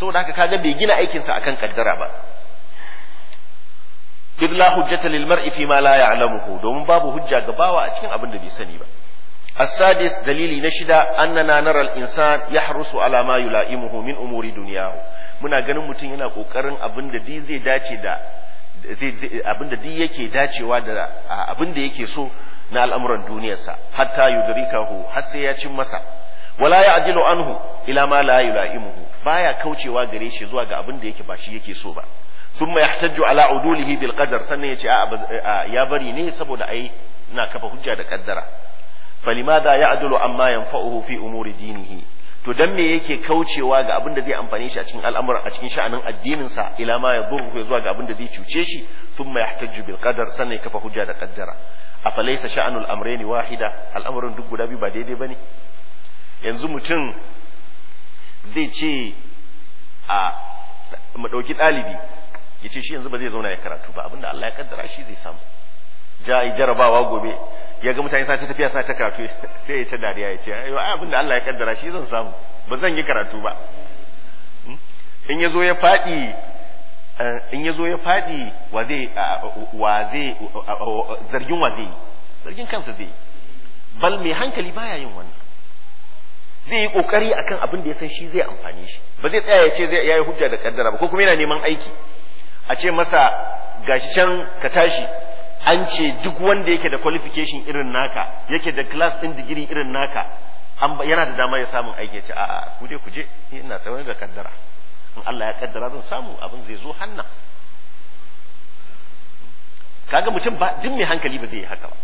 saboda haka kaga bai gina aikinsa akan kaddara ba idh hujjata lil mar'i fi ma la ya'lamuhu domin babu hujja gabawa a cikin abin da bai sani ba السادس دليل نشد أننا نرى الإنسان يحرص على ما يلائمه من أمور دنياه muna ganin mutum yana kokarin abin da dai zai dace da abin dai yake dacewa da abin da yake so na al'amuran duniyarsa hatta yudrikahu har sai ya cin masa wala ya'dilu anhu ila ma la yulaimuhu baya kaucewa gare shi zuwa ga abin da yake ba shi yake so ba thumma yahtaju ala udulihi bil qadar sannan yace a ya bari ne saboda ai ina kafa hujja da kaddara falimada ya'dulu amma yanfa'uhu fi umuri dinihi to dan me yake kaucewa ga abin da zai amfane shi a cikin al'amuran a cikin sha'anin addinin sa ila ma zurru zuwa ga abin da zai cuce shi thumma yahtaju bil qadar sannan ya kafa hujja da qaddara afalaysa sha'anul amrayni wahida al'amuran duk guda biyu ba daidai bane yanzu mutum zai ce a mu dauki dalibi yace shi yanzu ba zai zauna ya karatu ba abinda Allah ya kaddara shi zai samu ja jarabawa gobe ya ga mutane sa ta tafiya sa ta karatu sai ya ce dariya ya ce ayo ai abinda Allah ya kaddara shi zan samu ba zan yi karatu ba hmm? in ya zo ya faɗi eh, in ya zo ya faɗi wa zai wa zai zargin wa zai zargin kansa zai bal mai hankali baya yin wannan zai yi kokari akan abin da ya san shi zai amfani shi ba zai tsaya ya ce zai yayi hujja da kaddara ba ko kuma yana neman aiki a ce masa gashi can ka tashi an ce duk wanda yake da qualification irin naka yake da class din digiri irin naka yana da dama ya samun aiki ya ce a'a ku dai ku je ina tsawon ga kaddara in Allah ya kaddara zan samu abin zai zo hannan kaga mutum ba duk mai hankali ba zai yi haka ba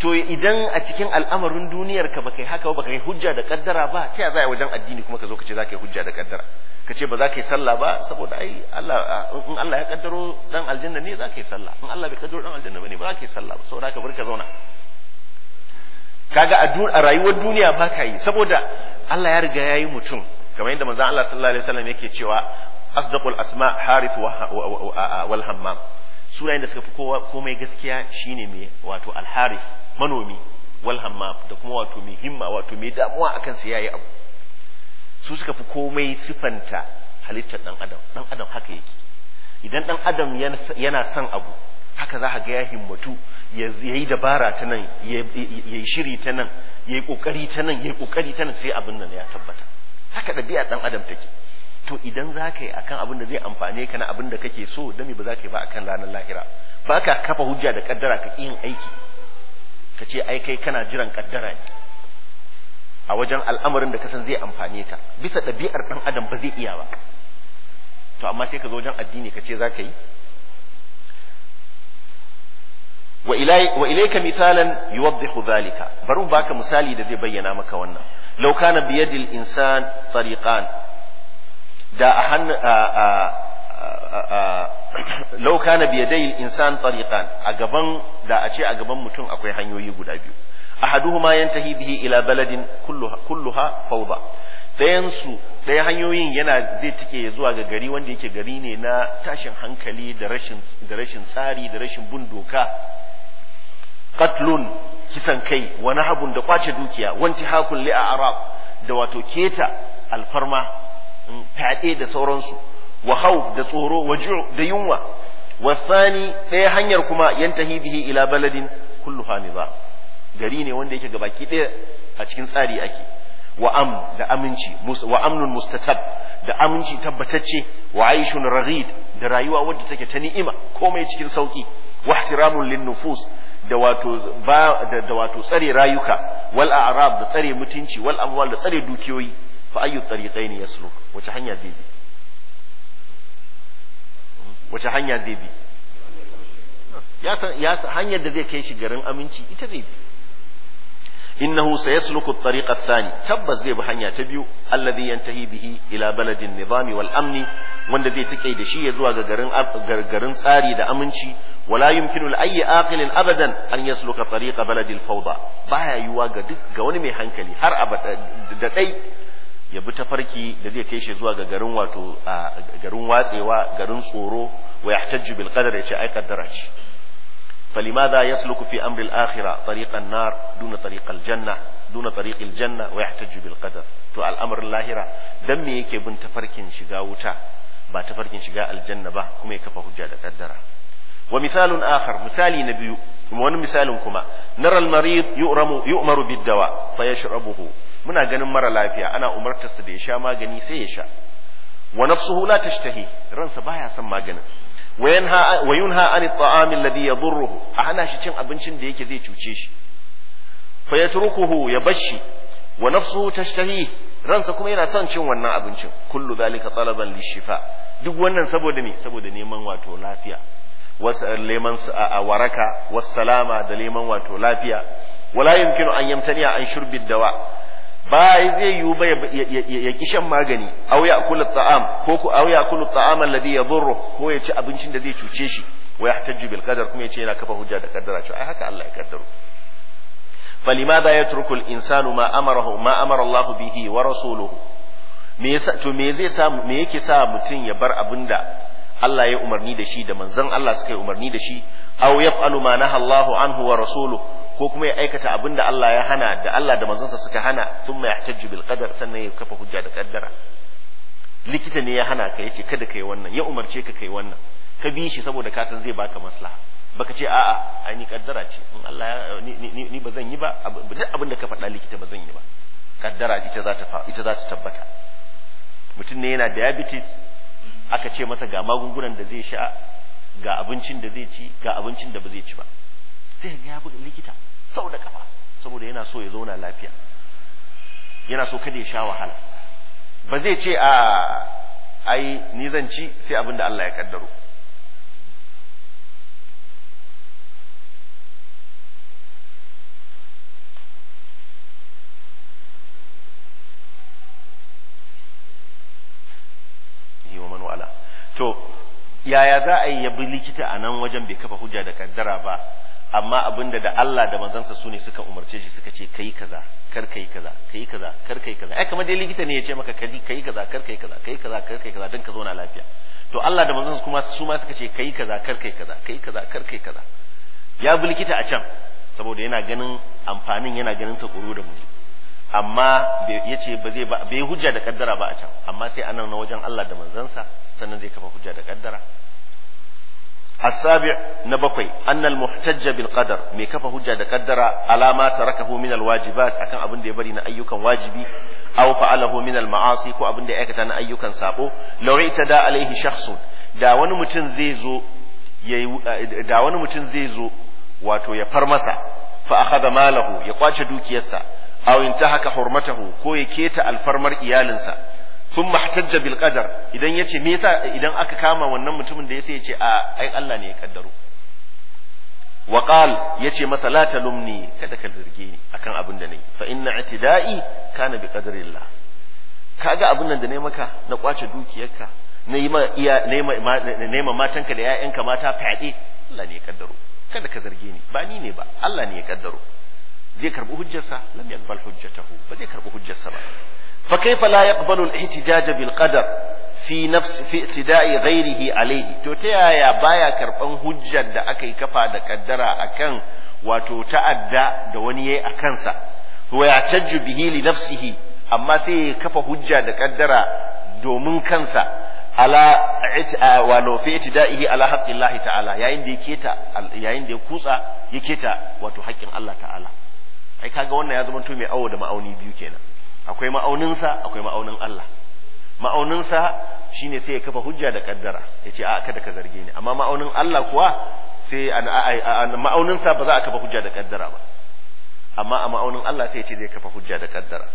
to idan a cikin al'amarin duniyar ka baka yi haka ba baka yi hujja da kaddara ba ta ya za wajen addini kuma ka zo ka ce za ka yi hujja da kaddara ka ce ba za ka yi sallah ba saboda ai Allah in Allah ya kaddaro dan aljanna ne za ka yi sallah in Allah bai kaddaro dan aljanna bane ba za ka yi sallah ba saboda ka bar ka zauna kaga a rayuwar duniya ba ka yi saboda Allah ya riga ya yi mutum kamar yadda manzon Allah sallallahu alaihi wasallam yake cewa asdaqul asma harith wal hammam sunayen da suka fi komai gaskiya shine me wato alhari. manomi walhamma, da kuma wato mai himma wato mai damuwa akan su yayi abu su suka fi komai sifanta halittar dan adam dan adam haka yake idan dan adam yana son abu haka za ka ga ya himmatu ya yi dabara ta nan ya yi shiri ta nan ya yi kokari ta nan ya yi kokari ta nan sai abin nan ya tabbata haka ɗabi'a ɗan adam take to idan za ka yi akan abin da zai amfane ka na abin da kake so dami ba za ka yi ba akan ranar lahira ba ka kafa hujja da kaddara ka yin aiki ka ce ai kai kana jiran kaddara ne a wajen al'amarin da kasan zai amfane ka bisa ɗabi'ar ɗan adam ba zai iya ba to amma sai ka zo wajen addini ka ce za ka yi wa ilaika misalan yuwaddihu zalika bari baka misali da zai bayyana maka wannan law kana biyadil insan tariqan da a law kana bi yadayil insan tariqan a gaban da a ce a gaban mutum akwai hanyoyi guda biyu ahaduhuma yantahi bihi ila baladin kulluha fawda dayan ɗaya hanyoyin yana zai tike zuwa ga gari wanda yake gari ne na tashin hankali da rashin da rashin tsari da rashin bin doka qatlun kisan kai wani habun da kwace dukiya wanti hakulli li arab da wato keta alfarma mm, fyaɗe da sauransu wa da tsoro wa ju' da yunwa wa sani ɗaya hanyar kuma yantahi bihi ila baladin kulluha nizam gari ne wanda yake gabaki ɗaya a cikin tsari ake wa am da aminci wa amnun mustatab da aminci tabbatacce wa aishun raghid da rayuwa wadda take ta ni'ima komai cikin sauki wa ihtiramun lin nufus da wato ba da wato tsare rayuka wal a'rab da tsare mutunci wal amwal da tsare dukiyoyi fa ayyu tariqaini yasluk wace hanya zai bi wace hanya zai bi ya san hanyar da zai kai shi garin aminci ita zai bi innahu sayasluku at-tariqa ath-thani tabbas zai bi hanya ta biyu alladhi yantahi bihi ila baladin nizami wal amni wanda zai tike da shi ya zuwa ga garin garin tsari da aminci wala yumkinu ayyi aqilin abadan an yasluka tariqa baladil fawda baya yuwa ga duk ga wani mai hankali har abada da dai ya bi ta da zai kai shi zuwa ga garin wato a garin watsewa garin tsoro wa yahtaju bil qadar ya ce ai kaddara ce falimadha yasluku fi amri al akhirah tariqan nar duna janna duna tariq janna wa yahtaju bil qadar to al'amarin lahira dan me yake bin tafarkin shiga wuta ba tafarkin shiga aljanna ba kuma ya kafa hujja da kaddara wa misalin akhar misali na biyu wani misalin kuma naral marid yu'ramu yu'maru biddawa fa yashrabuhu muna ganin mara lafiya ana umartar da ya sha magani sai ya sha wa nafsuhu la tashtahi ransa baya son maganin wa yanha wa yunha an at-ta'am alladhi yadhurruhu a hana shi cin abincin da yake zai cuce shi fa yatrukuhu ya bashi wa nafsuhu tashtahi ransa kuma yana son cin wannan abincin kullu zalika talaban lishifa duk wannan saboda me saboda neman wato lafiya Eh, a waraka wassalama da leman wato lafiya wala yumkinu an yamtaniya an shurbi dawa ba zai yiwu ba ya kishan shan magani aw ya'kulu ta'am ko ku aw ya'kulu ta'am alladhi yadhurru ko ya ci abincin da zai cuce shi wa yahtaju bil qadar kuma ya ce yana kafa hujja da kaddara cewa ai haka Allah ya kaddaro فلماذا يترك الانسان ما ma amara Allah bihi wa rasuluhu me yasa to me zai sa me yake sa mutun ya bar abinda Allah ya umarni da shi da manzon Allah suka yi umarni da shi aw yaf'alu ma naha Allahu anhu wa rasuluhu ko kuma ya aikata abinda Allah ya hana da Allah da manzonsa suka hana thumma yahtaju bil qadar sannan ya kafa hujja da kaddara likita ne ya hana ka yace kada kai wannan ya umarce ka kai wannan ka bi shi saboda ka san zai baka maslaha baka ce a'a an yi kaddara ce in Allah ni ni ba zan yi ba duk ka faɗa likita ba zan yi ba kaddara ita za ta ita za ta tabbata mutum ne yana diabetes aka ce masa ga magungunan da zai sha ga abincin da zai ci ga abincin da ba zai ci ba sai ga ya buga likita sau da kafa saboda yana so ya zauna lafiya yana so kada ya sha wahala ba zai ce a ai ni zan ci sai abin da Allah ya kaddaro to yaya za a yi ya bi likita a nan wajen bai kafa hujja da kaddara ba amma abinda da Allah da manzansa su ne suka umarce shi suka ce kai kaza kar kai kaza kai kaza kar kai kaza ai kamar dai likita ne ya ce maka kai kai kaza kar kai kaza kai kaza kar kai kaza don ka zauna lafiya to Allah da manzansa kuma su ma suka ce kai kaza kar kai kaza kai kaza kar kai kaza ya bi likita a can saboda yana ganin amfanin yana ganin sa kuro da mu amma ya ce ba zai ba bai hujja da kaddara ba a can amma sai anan na wajen Allah da manzansa sannan zai kafa hujja da kaddara السابع نبقي أن المحتج بالقدر ميكف هجة قدر على ما تركه من الواجبات أكن أبن دي برينا أيوكا واجبي أو فعله من المعاصي كو أبن دي أكتان أيوكا سابو لو اعتدى عليه شخص دا wani mutum zai zo da wani mutum zai zo wato ya farmasa fa malahu ya kwace dukiyarsa aw intahaka hurmatahu ko ya keta alfarmar iyalinsa sun mahtajja bil qadar idan yace me yasa idan aka kama wannan mutumin da yasa yace a ai Allah ne ya kaddaro wa qal yace masa la kada ka zarge ni akan abin da nayi fa inna itida'i kana bi qadrillah kaga abin nan da nayi maka na kwace dukiyarka nayi ma iya nayi ma matanka da 'ya'yanka mata fyaɗe Allah ne ya kaddaro kada ka zarge ni ba ni ne ba Allah ne ya kaddaro zai karbi hujjarsa lam yaqbal hujjatahu ba zai karbi hujjarsa ba fa kaifa la yaqbalu al-ihtijaj bil qadar fi nafsi fi ittida'i ghairihi alayhi to ta yaya baya karban hujjar da aka yi kafa da kaddara akan wato ta'adda da wani yayi akan sa wa yatajju bihi li nafsihi amma sai ya kafa hujja da kaddara domin kansa ala wato fi ittida'ihi ala haqqillahi ta'ala yayin da ya keta yayin da ya kutsa ya keta wato haƙƙin Allah ta'ala ai kaga wannan ya zama to mai awo da ma'auni biyu kenan akwai ma'auninsa akwai ma'aunin Allah ma'auninsa shine sai ya kafa hujja da kaddara yace ce a kada ka zarge ni amma ma'aunin Allah kuwa sai ma'auninsa ba za a kafa hujja da kaddara ba amma a ma'aunin Allah sai ya ce zai kafa hujja da kaddara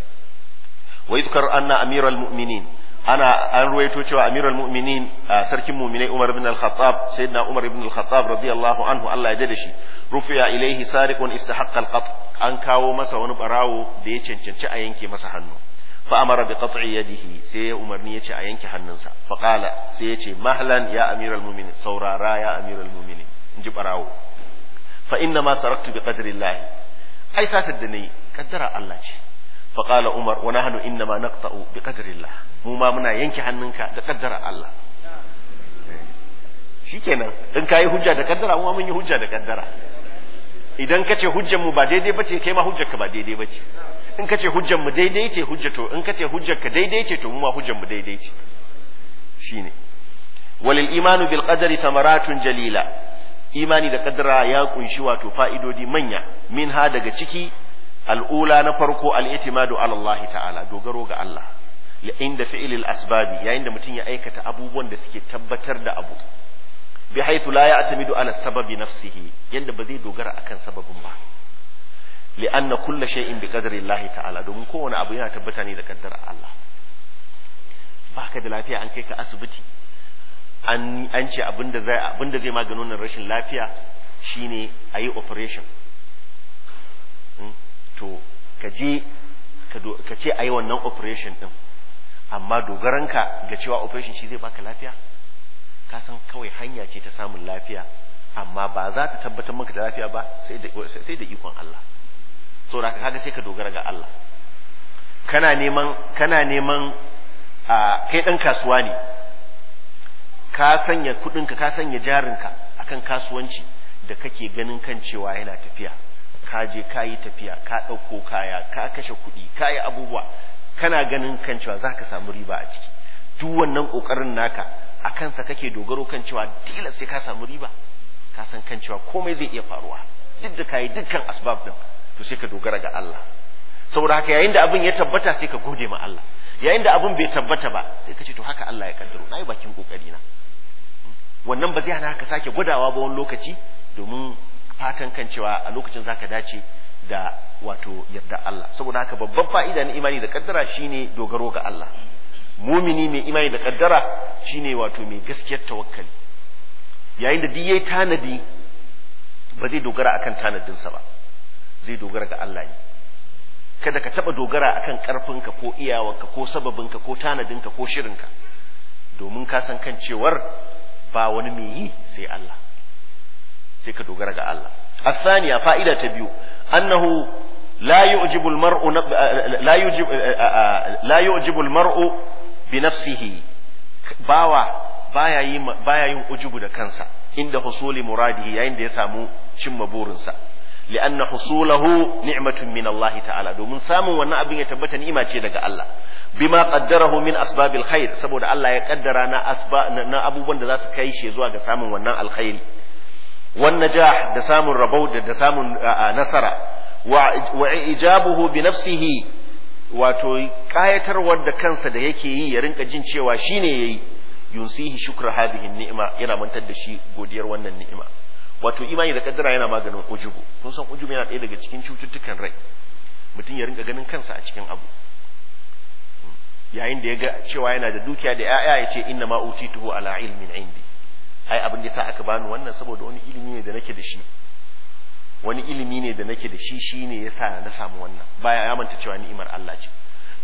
wa yuzkar anna amiral mu'minin ana an ruwaito cewa amirul mu'minin sarkin mu'minai Umar ibn al-Khattab sayyidina Umar ibn al-Khattab radiyallahu anhu Allah ya dade shi rufiya ilaihi sariqun istahaqqa al-qat an kawo masa wani barawo da ya cancanci a yanke masa hannu fa amara bi qat'i yadihi sai ya umarni ya ce a yanke hannunsa fa qala sai ya ce mahlan ya amirul mu'minin saurara ya amirul mu'minin ji barawo fa inna ma saraktu bi qadri Allah ai satar da nayi kaddara Allah ce Umar wa فقال ma ونحن إنما نقطع بقدر mu ma muna منا hannunka da kaddara Allah shikenan in kai hujja da kaddara mu ma mun yi hujja da kaddara idan kace hujjar mu ba daidai bace kai ma hujjar ka ba daidai bace in kace hujjar mu daidai ce hujja to in kace hujjar ka daidai ce to mu ma hujjar mu daidai ce shine walil imanu bil qadari thamaratun jalila imani da kaddara ya kunshi wato fa'idodi manya min ha daga ciki al'ula na farko al'itimadu ala Allah ta'ala dogaro ga Allah inda fi'ilil asbabi yayin da mutum ya aikata abubuwan da suke tabbatar da abu bi haythu la ya'tamidu ala sababi nafsihi yadda ba zai dogara akan sababin ba li'anna kullu shay'in bi qadri Allah ta'ala domin kowane abu yana tabbata ne da kaddara Allah baka da lafiya an kai ka asibiti an an ce abinda zai abinda zai maganin rashin lafiya shine ayi operation to ka je ka ce a yi wannan operation din, amma dogaranka ga cewa operation shi zai baka lafiya ka san kawai hanya ce ta samun lafiya amma ba za ta tabbatar maka da lafiya ba sai da ikon Allah to da kaga sai ka dogara ga Allah kana neman kana neman a kai dan kasuwa ne ka sanya kudinka ka sanya jarinka akan kasuwanci da kake ganin kan cewa yana tafiya ka je ka yi tafiya ka ɗauko kaya ka kashe kuɗi ka yi abubuwa kana ganin kan cewa za ka samu riba a ciki duk wannan ƙoƙarin naka a kansa kake dogaro kan cewa dila sai ka samu riba ka san kan cewa komai zai iya faruwa duk da kayi dukkan asbab din to sai ka dogara ga Allah saboda haka yayin da abin ya tabbata sai ka gode ma Allah yayin da abin bai tabbata ba sai ka ce to haka Allah ya kaddaro nayi bakin kokari na hmm? wannan ba zai hana ka sake gwadawa ba wani lokaci domin fatan kan cewa a lokacin zaka dace da wato yarda Allah saboda haka babban fa'ida na imani da kaddara shine dogaro ga Allah mumini mai imani da kaddara shine wato mai gaskiyar tawakkali yayin da duk yayi tanadi ba zai dogara akan tanadinsa ba zai dogara ga Allah ne kada ka taba dogara akan karfinka ko iyawanka ko sababinka ko tanadinka ko shirinka domin ka san kan cewar ba wani mai yi sai Allah sai ka dogara ga Allah الثانية فائدة fa'ida ta biyu. Annahu المرء لا يعجب لا يعجب المرء بنفسه باوا baya yin baya da kansa inda husuli muradihi yayin da ya samu cimma burinsa li'anna husulahu ni'matun min ta'ala domin samun wannan abin ya tabbata ni'ima ce daga Allah bima qaddarahu min asbabil khair saboda Allah ya kaddara na abubuwan da za su kai shi zuwa ga samun wannan alkhairi wan najah da samun rabau da samun nasara wa ijabuhu bi wato kayatarwar da kansa da yake yi ya rinka jin cewa shine yayi yunsihi shukra hadhihi ni'ima yana mantar da shi godiyar wannan ni'ima wato imani da kaddara yana maganin ujubu kun san ujubu yana ɗaya daga cikin cututtukan rai mutum ya rinka ganin kansa a cikin abu yayin da ya ga cewa yana da dukiya da 'ya'ya ya ce inna ma utituhu ala ilmin indi ai abin da yasa aka bani wannan saboda wani ilimi ne da nake da shi wani ilimi ne da nake da shi shine yasa na samu wannan baya ya manta cewa ni'imar Allah ce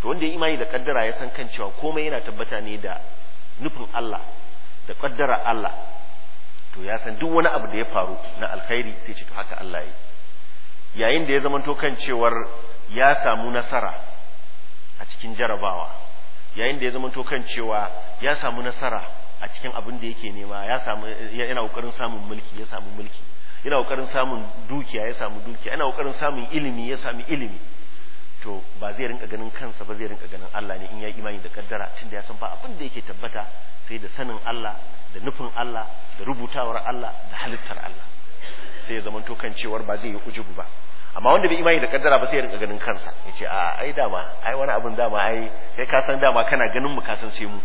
to wanda ya imani da kaddara ya san kan cewa komai yana tabbata ne da nufin Allah da kaddara Allah to ya san duk wani abu da ya faru na alkhairi sai ce to haka Allah yi yayin da ya zamanto kan cewar ya samu nasara a cikin jarabawa yayin da ya zamanto kan cewa ya samu nasara a cikin abin da yake nema ya samu yana kokarin samun mulki ya samu mulki yana kokarin samun dukiya ya samu dukiya yana kokarin samun ilimi ya samu ilimi to ba zai rinka ganin kansa ba zai rinka ganin Allah ne in ya imani da kaddara tunda ya san fa abin da yake tabbata sai da sanin Allah da nufin Allah da rubutawar Allah da halittar Allah sai ya zamanto kan cewar ba zai yi ujubu ba amma wanda bai imani da kaddara ba sai ya rinka ganin kansa yace ce a ai dama ai wani abin dama ai kai ka san dama kana ganin mu ka san sai mu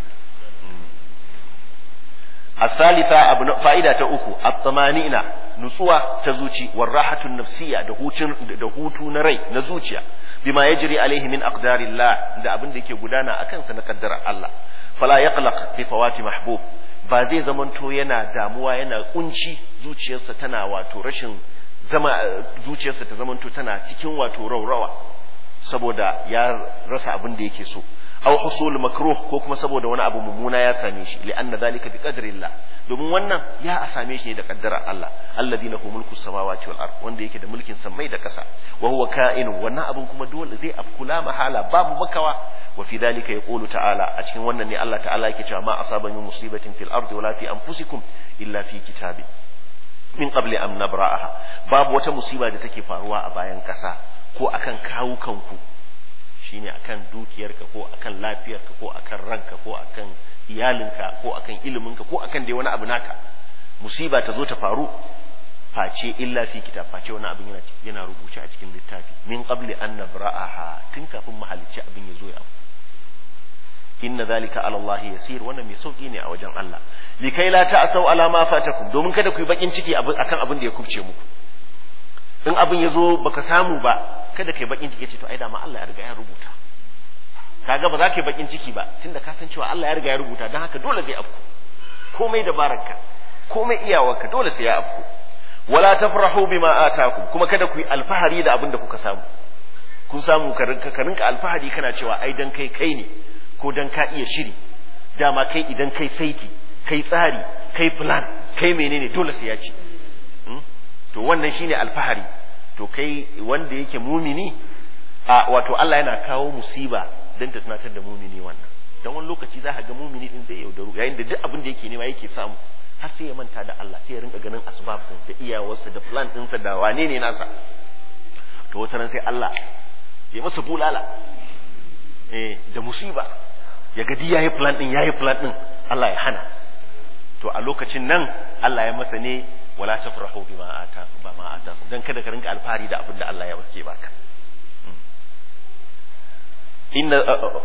asalita fa'ida ta uku at-tamanina nutsuwa ta zuci warrahatun nafsiyya da hutun da hutu na rai na zuciya bima yajri alaihi min aqdarillah da abin da yake gudana akan sa na kaddara Allah fala yaqlaq bi fawati mahbub ba zai zamanto yana damuwa yana kunci zuciyarsa tana wato rashin zama zuciyarsa ta zamanto tana cikin wato raurawa saboda ya rasa abin da yake so aw husul makruh ko kuma saboda wani abu mummuna ya same shi li anna zalika bi qadrillah domin wannan ya a same shi ne da kaddara Allah dina hum mulku samawati wal ard wanda yake da mulkin samai da kasa wa huwa ka'in wannan abun kuma dole zai afkula mahala babu makawa wa fi zalika yaqulu ta'ala a cikin wannan ne Allah ta'ala yake cewa ma asaba min musibatin fil ard wala fi anfusikum illa fi kitabin min qabli an nabra'aha babu wata musiba da take faruwa a bayan kasa ko akan kawukanku ku shine akan dukiyarka ko akan lafiyarka ko akan ranka ko akan iyalinka ko akan iliminka ko akan dai wani abu naka musiba ta zo ta faru face illa fi kitab face wani abin yana yana rubuce a cikin littafi min qabli an nabraha tun kafin mu abin ya zo ya inna zalika ala Allah yasir wannan mai sauki ne a wajen Allah likai la sau ala ma fatakum domin kada ku yi bakin ciki akan abin da ya kubce muku in abin ya zo baka samu ba kada kai bakin ciki ce to ai ma Allah ya riga ya rubuta kaga ba za ka yi bakin ciki ba tunda ka san cewa Allah ya riga ya rubuta don haka dole zai afku komai dabararka komai iyawarka dole sai ya afku wala tafrahu bima atakum kuma kada ku yi alfahari da abin da kuka samu kun samu ka rinka alfahari kana cewa ai dan kai kai ne ko dan ka iya shiri dama kai idan kai saiti kai tsari kai plan kai menene dole sai ya ci to wannan shine alfahari to kai wanda yake mumini a wato Allah yana kawo musiba don ta tunatar da mumini wannan don wani lokaci za ka ga mumini din zai yaudaru yayin da duk abin da yake nema yake samu har sai ya manta da Allah sai ya rinka ganin asbab da iyawarsa da plan ɗinsa da wane ne nasa to wata ran sai Allah ya masa bulala eh da musiba ya ga yayi plan din yayi plan ɗin. Allah ya hana to a lokacin nan Allah ya masa ne wala tafrahu bima ataku bama ataku dan kada ka rinka alfahari da abin da Allah ya warke baka hmm. inna uh, uh, uh,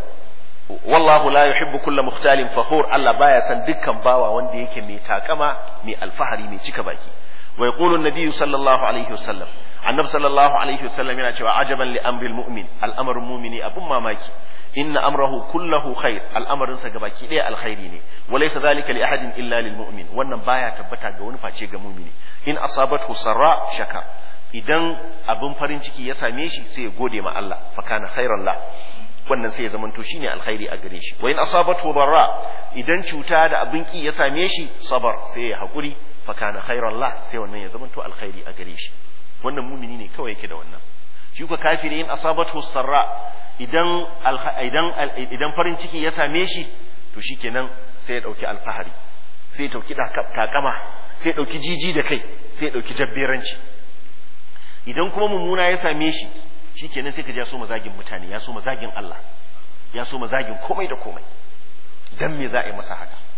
wallahu la yuhibbu kulla mukhtalin fakhur Allah baya san dukkan bawa wanda yake mai takama mai alfahari mai cika baki wa yaqulu an-nabi sallallahu alaihi wasallam annab sallallahu alaihi wasallam yana cewa ajaban li amril mu'min al'amarin mu'mini abin mamaki inna amrahu kullahu khair al'amarin sa gabaki daya alkhairi ne walaysa zalika li ahadin illa lil mu'min wannan baya tabbata ga wani face ga mu'mini in asabathu sarra shakar idan abin farin ciki ya same shi sai gode ma Allah fa kana khairan wannan sai ya zamanto shine alkhairi a gare shi wa in asabathu darra idan cuta da abin ki ya same shi sabar sai ya hakuri fakana khairan lah sai wannan ya zamanto alkhairi a gare shi wannan mumini ne kawai yake da wannan shi kuwa kafiri in asabatu sarra idan idan idan farin ciki ya same shi to shikenan sai ya dauki alfahari sai ya dauki takama sai ya dauki jiji da kai sai ya dauki jabberanci idan kuma mummuna ya same shi shikenan sai ka ji ya so mazagin mutane ya so mazagin Allah ya so mazagin komai da komai dan me za a yi masa haka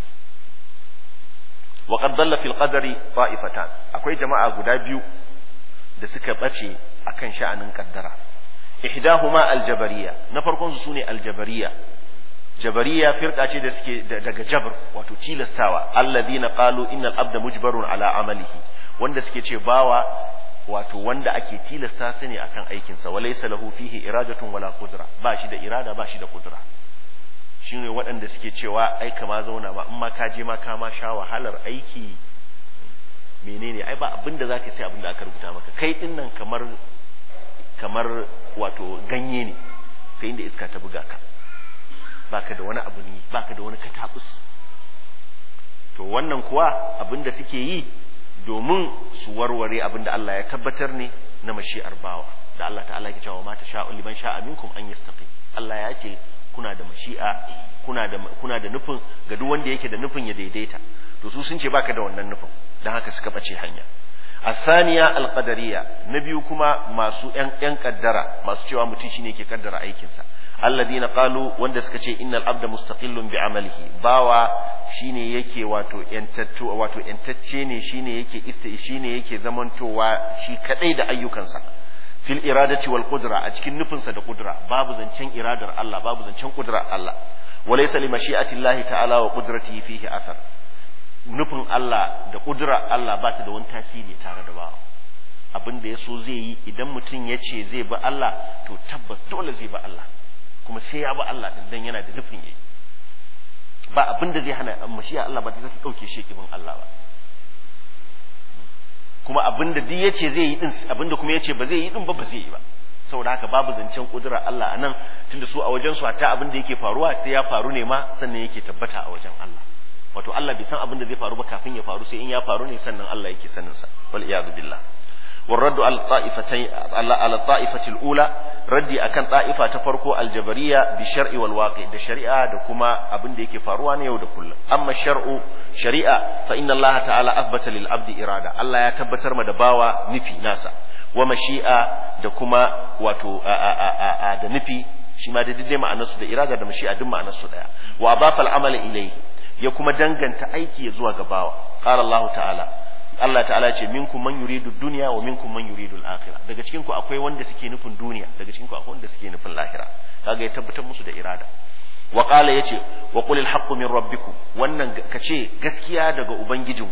wa qad dalla fil qadari akwai jama'a guda biyu da suka bace akan sha'anin kaddara ihdahuma aljabariya na farkon su sune aljabariya jabariya firqa ce da suke daga jabr wato tilastawa alladhina qalu innal abda mujbarun ala amalihi wanda suke ce bawa wato wanda ake tilasta su ne akan aikinsa walaysa lahu fihi iradatun wala qudra ba shi da irada ba shi da qudra shine waɗanda suke cewa ai ma zauna ma in ka je ma ka ma sha wahalar aiki menene ai ba abin da zaka sai abin da aka rubuta maka kai din nan kamar kamar wato ganye ne sai inda iska ta buga ka baka da wani abu ne baka da wani katakus to wannan kuwa abin suke yi domin su warware abinda da Allah ya tabbatar ne na mashi'ar bawa da Allah ta'ala ya ce wa mata sha'u liman sha'a minkum an yastaqim Allah ya ce kuna da mashi'a kuna da kuna da nufin ga duk wanda yake da nufin ya daidaita to su sun ce baka da wannan nufin dan haka suka bace hanya asaniya alqadariya na biyu kuma masu yan yan kaddara masu cewa mutum shine yake kaddara aikinsa alladina qalu wanda suka ce innal abda mustaqillun bi amalihi bawa shine yake wato entatto wato yantacce ne shine yake ista shine yake zamantowa shi kadai da ayyukansa fil iradati wal qudra a cikin nufinsa da qudra babu zancen iradar Allah babu zancen qudrar Allah walaysa li mashi'ati Allah ta'ala wa qudratihi fihi athar nufin Allah da kudura Allah ba ta da wani tasiri tare da bawa abin da yaso zai yi idan mutum ya ce zai bi Allah to tabbas dole zai bi Allah kuma sai ya bi Allah dan yana da nufin yayi ba abin da zai hana mashi'a Allah ba ta dauke shi kibin Allah ba kuma abinda duk yace zai yi din abinda kuma yace ba zai yi din ba ba zai yi ba saboda haka babu zancen kudura Allah anan tunda su a wajen su hatta abinda yake faruwa sai ya faru ne ma sannan yake tabbata a wajen Allah wato Allah bai san abinda zai faru ba kafin ya faru sai in ya faru ne sannan Allah yake sanin sa wal iyad billah warraddu al-ta'ifatil ula raddi akan ta'ifa ta farko aljabariya bi shar'i wal da shari'a da kuma abin da yake faruwa na yau da kullum amma shar'u shari'a fa inna ta'ala athbata lil abdi irada Allah ya tabbatar ma da bawa nufi nasa wa mashi'a da kuma wato da nufi shi da dai ma'anarsu da irada da mashi'a duk ma'anarsu ɗaya. wa adafa al-amala ilayhi ya kuma danganta aiki ya zuwa ga bawa qala ta'ala Allah ta'ala ce minkum man yuridu dunya wa minkum man yuridu al-akhirah daga cikin ku akwai wanda suke nufin duniya daga cikin ku akwai wanda suke nufin lahira kaga ya tabbatar musu da irada wa qala yace wa qulil haqqu min rabbikum wannan kace gaskiya daga ubangijinku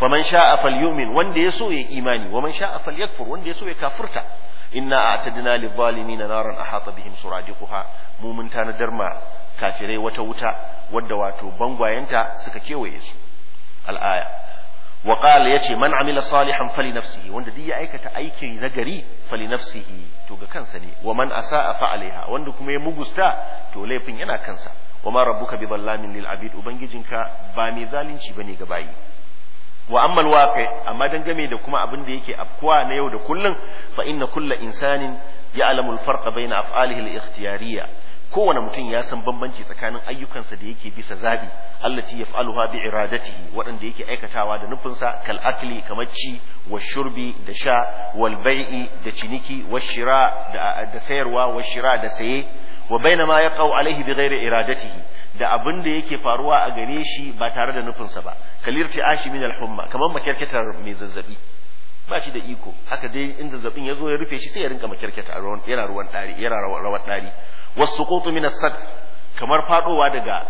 faman sha'a falyu'min wanda so ya imani wa man sha'a falyakfur wanda yaso ya kafirta inna a'tadna lidh-dhalimin naran ahata bihim suradiquha mu mun tanadar ma kafirai wata wuta wadda wato bangwayenta suka kewaye su al-aya wa ya ce man amila salihan fali nafsihi wanda duk ya aikata aiki na gari fali nafsihi to ga kansa ne wa man asa a fa alaiha wanda kuma ya mugusta to laifin yana kansa wa ma rabbuka bi zallamin lil abid ubangijinka ba mai zalunci bane ga bayi wa ammal waqi amma dangane da kuma abin da yake afkuwa na yau da kullun fa inna kulla insanin ya'lamu al baina bayna af'alihi al kowane mutum ya san bambanci tsakanin ayyukansa da yake bisa zabi allati yaf'aluha bi iradatihi waɗanda yake aikatawa da nufinsa kal akli kamar ci wa shurbi da sha wal bai'i da ciniki wa shira da sayarwa wa shira da saye wa bainama yaqau alaihi bi ghairi iradatihi da abin da yake faruwa a gare shi ba tare da nufinsa ba kalirti ashi min al humma kamar makarkatar mai zazzabi ba shi da iko haka dai in zazzabin ya zo ya rufe shi sai ya rinka makyarketa yana ruwan ɗari yana rawar ɗari wasuqutu min as-sad kamar fadowa daga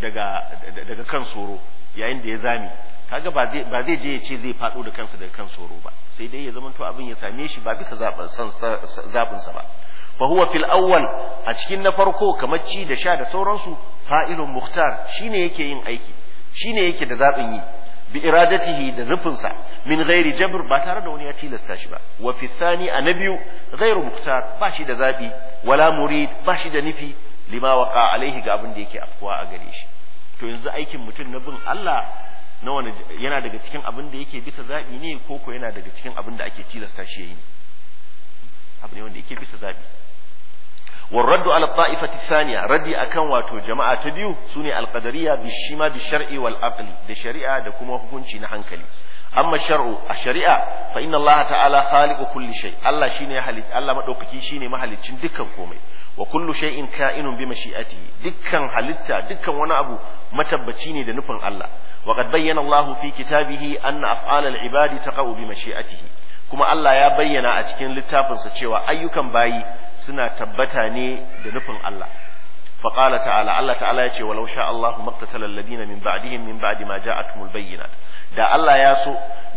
daga daga kan soro yayin da ya zami kaga ba zai ba zai je ya ce zai fado da kansa daga kan soro ba sai dai ya zamanto abin ya same shi ba bisa zaben zabin sa ba fa huwa fil awwal a cikin na farko kamar ci da sha da sauransu fa'ilun muhtar shine yake yin aiki shine yake da zabin yi bi iradatihi da nufinsa min ghairi jabr ba tare da wani ya tilasta shi ba wa fi thani a na biyu ghairu muhtar ba shi da zabi wala murid ba shi da nufi lima waqa alaihi ga abin da yake afkuwa a gare shi to yanzu aikin mutum na bin Allah na wani yana daga cikin abin da yake bisa zabi ne ko ko yana daga cikin abin da ake tilasta shi yayi abu ne wanda yake bisa zabi والرد على الطائفة الثانية ردي أكن واتو جماعة تبيو سوني القدرية بالشما بالشرع والعقل لشريعة دكما حكمشي نحنكلي أما الشرع الشريعة فإن الله تعالى خالق كل شيء الله شيني حليت الله مدوكي شيني محليت شين دكا كومي وكل شيء كائن بمشيئته دكا حلتا دكا وانا أبو متبتيني دنفن الله وقد بين الله في كتابه أن أفعال العباد تقع بمشيئته kuma Allah ya bayyana a cikin littafinsa cewa ayyukan bayi suna tabbata ne da nufin Allah فقال تعالى الله تعالى يقول ولو شاء الله ما اقتتل الذين من بعدهم من بعد ما جاءتهم البينات da Allah ya so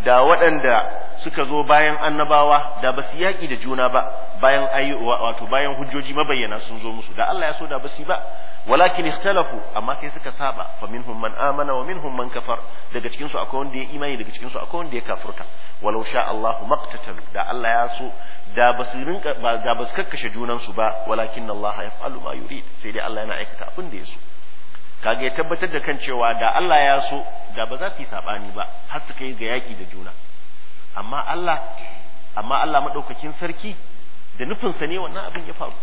da waɗanda suka zo bayan annabawa da basu yaƙi da juna ba bayan wato bayan hujjoji mabayyana sun zo musu da Allah ya so da basu ba walakin ikhtalafu amma sai suka saba fa minhum man amana wa minhum man kafar daga cikin su akwai wanda ya imani daga cikin su akwai wanda ya kafurta walau sha Allahu maqtatalu da Allah ya so da ba su da ba su kakkashe junansu ba walakin Allah ya fa’alu ma yuri sai dai Allah yana aikata abin da ya so kaga ya tabbatar da kan cewa da Allah ya so da ba za su yi saɓani ba har su kai ga yaki da juna amma Allah amma Allah madaukakin sarki da nufin sa ne wannan abin ya faru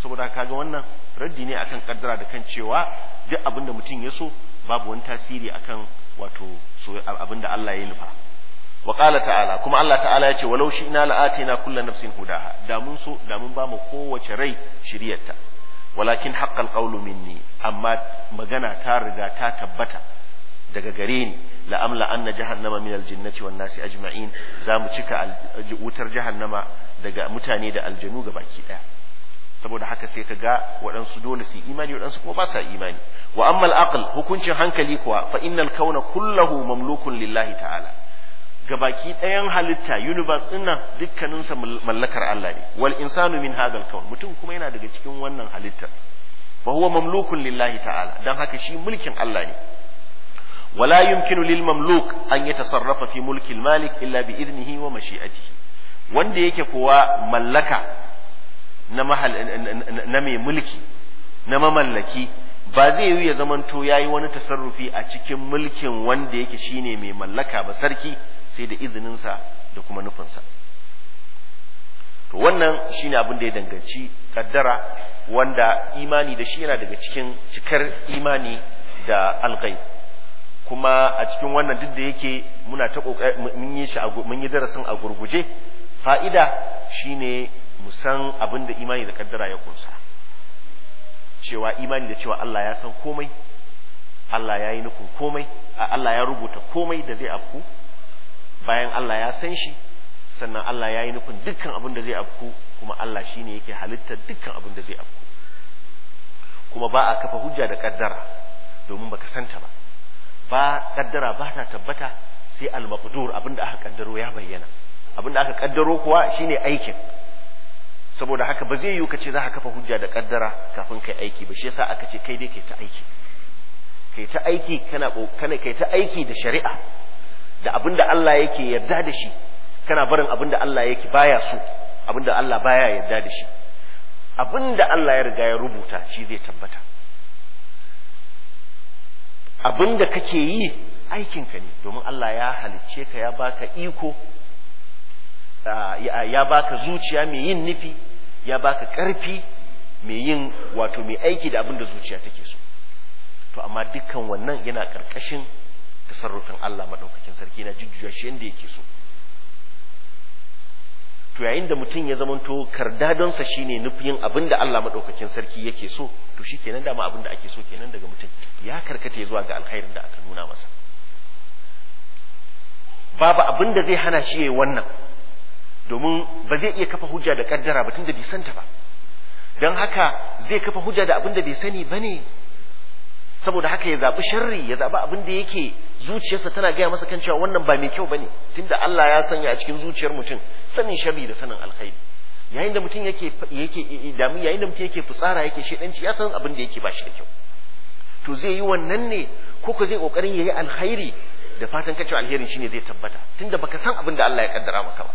saboda kaga wannan raddi ne akan kaddara da kan cewa duk abin da mutum ya so babu wani tasiri akan wato abin da Allah ya nufa wa ta'ala kuma Allah ta'ala ya ce walau shi ina la'atina kullu nafsin hudaha da mun so da mun ba kowace rai shiriyarta walakin haqqal qawlu ne amma magana ta riga ta tabbata daga gare ni la'amla anna jahannama min aljinnati wan nasi ajma'in za mu cika wutar jahannama daga mutane da aljanu ga baki daya saboda haka sai ka ga waɗansu dole su imani waɗansu kuma ba sa imani wa ammal al hukuncin hankali kuwa fa innal kauna kullahu mamlukun lillahi ta'ala gabaki ɗayan halitta universe ɗin nan dukkaninsa mallakar Allah ne wal insanu min hadal kawn mutum kuma yana daga cikin wannan halittar fa huwa mamlukun lillahi ta'ala dan haka shi mulkin Allah ne wala yumkinu lil mamluk an yatasarrafa fi mulki malik illa bi idnihi wa mashi'atihi wanda yake kowa mallaka na mahal na mai mulki na mamallaki ba zai yi ya zamanto yi wani tasarrufi a cikin mulkin wanda yake shine mai mallaka ba sarki sai da izinin sa da kuma nufinsa to wannan shine abin da ya danganci kaddara wanda imani da shi yana daga cikin cikar imani da algai kuma a cikin wannan duk da yake muna ta mun yi shi mun yi darasin a gurguje fa'ida shine mu san abin da imani da kaddara ya kunsa cewa imani da cewa Allah ya san komai Allah ya yi nufin komai Allah ya rubuta komai da zai afku bayan Allah ya san shi sannan Allah ya yi nufin dukkan abin da zai afku kuma Allah shi ne yake halittar dukkan abin da zai afku kuma ba a kafa hujja da kaddara domin baka santa ba ba kaddara ba ta tabbata sai al-maqdur abin da aka kaddaro ya bayyana abin da aka kaddaro kuwa shine aikin saboda haka ba zai yiwu kace za ka kafa hujja da kaddara kafin kai aiki ba shi yasa aka ce kai dai kai ta aiki kai ta aiki kana kana kai ta aiki da shari'a da abin da Allah yake yarda da shi kana barin abinda da Allah yake baya so abin Allah baya yarda da shi abinda Allah ya riga ya rubuta shi zai tabbata abin da kake yi aikinka ne domin Allah ya halicce ka ya baka iko ya baka zuciya mai yin nufi ya baka ƙarfi mai yin wato mai aiki da abin da zuciya take so to amma dukkan wannan yana ƙarƙashin tasarrufin Allah madaukakin sarki na jujjuya shi yanda yake so to yayin da mutum ya zama zamanto sa shine nufin abin da Allah madaukakin sarki yake so to shikenan dama abin da ake so kenan daga mutum ya karkata zuwa ga alkhairin da aka nuna masa babu abin da zai hana shi yayin wannan domin ba zai iya kafa hujja da kaddara ba tunda bai santa ba don haka zai kafa hujja da abin da bai sani bane saboda haka ya zaɓi sharri ya zaɓi abin da yake zuciyarsa tana gaya masa kan cewa wannan ba mai kyau ne tunda Allah ya sanya a cikin zuciyar mutum sanin sharri da sanin alkhairi yayin da mutum yake yake damu yayin da mutum yake fitsara yake shedanci ya san abin da yake ba shi da kyau to zai yi wannan ne ko ko zai kokarin yayi alkhairi da fatan kacewa alherin shine zai tabbata tunda baka san abin da Allah ya kaddara maka ba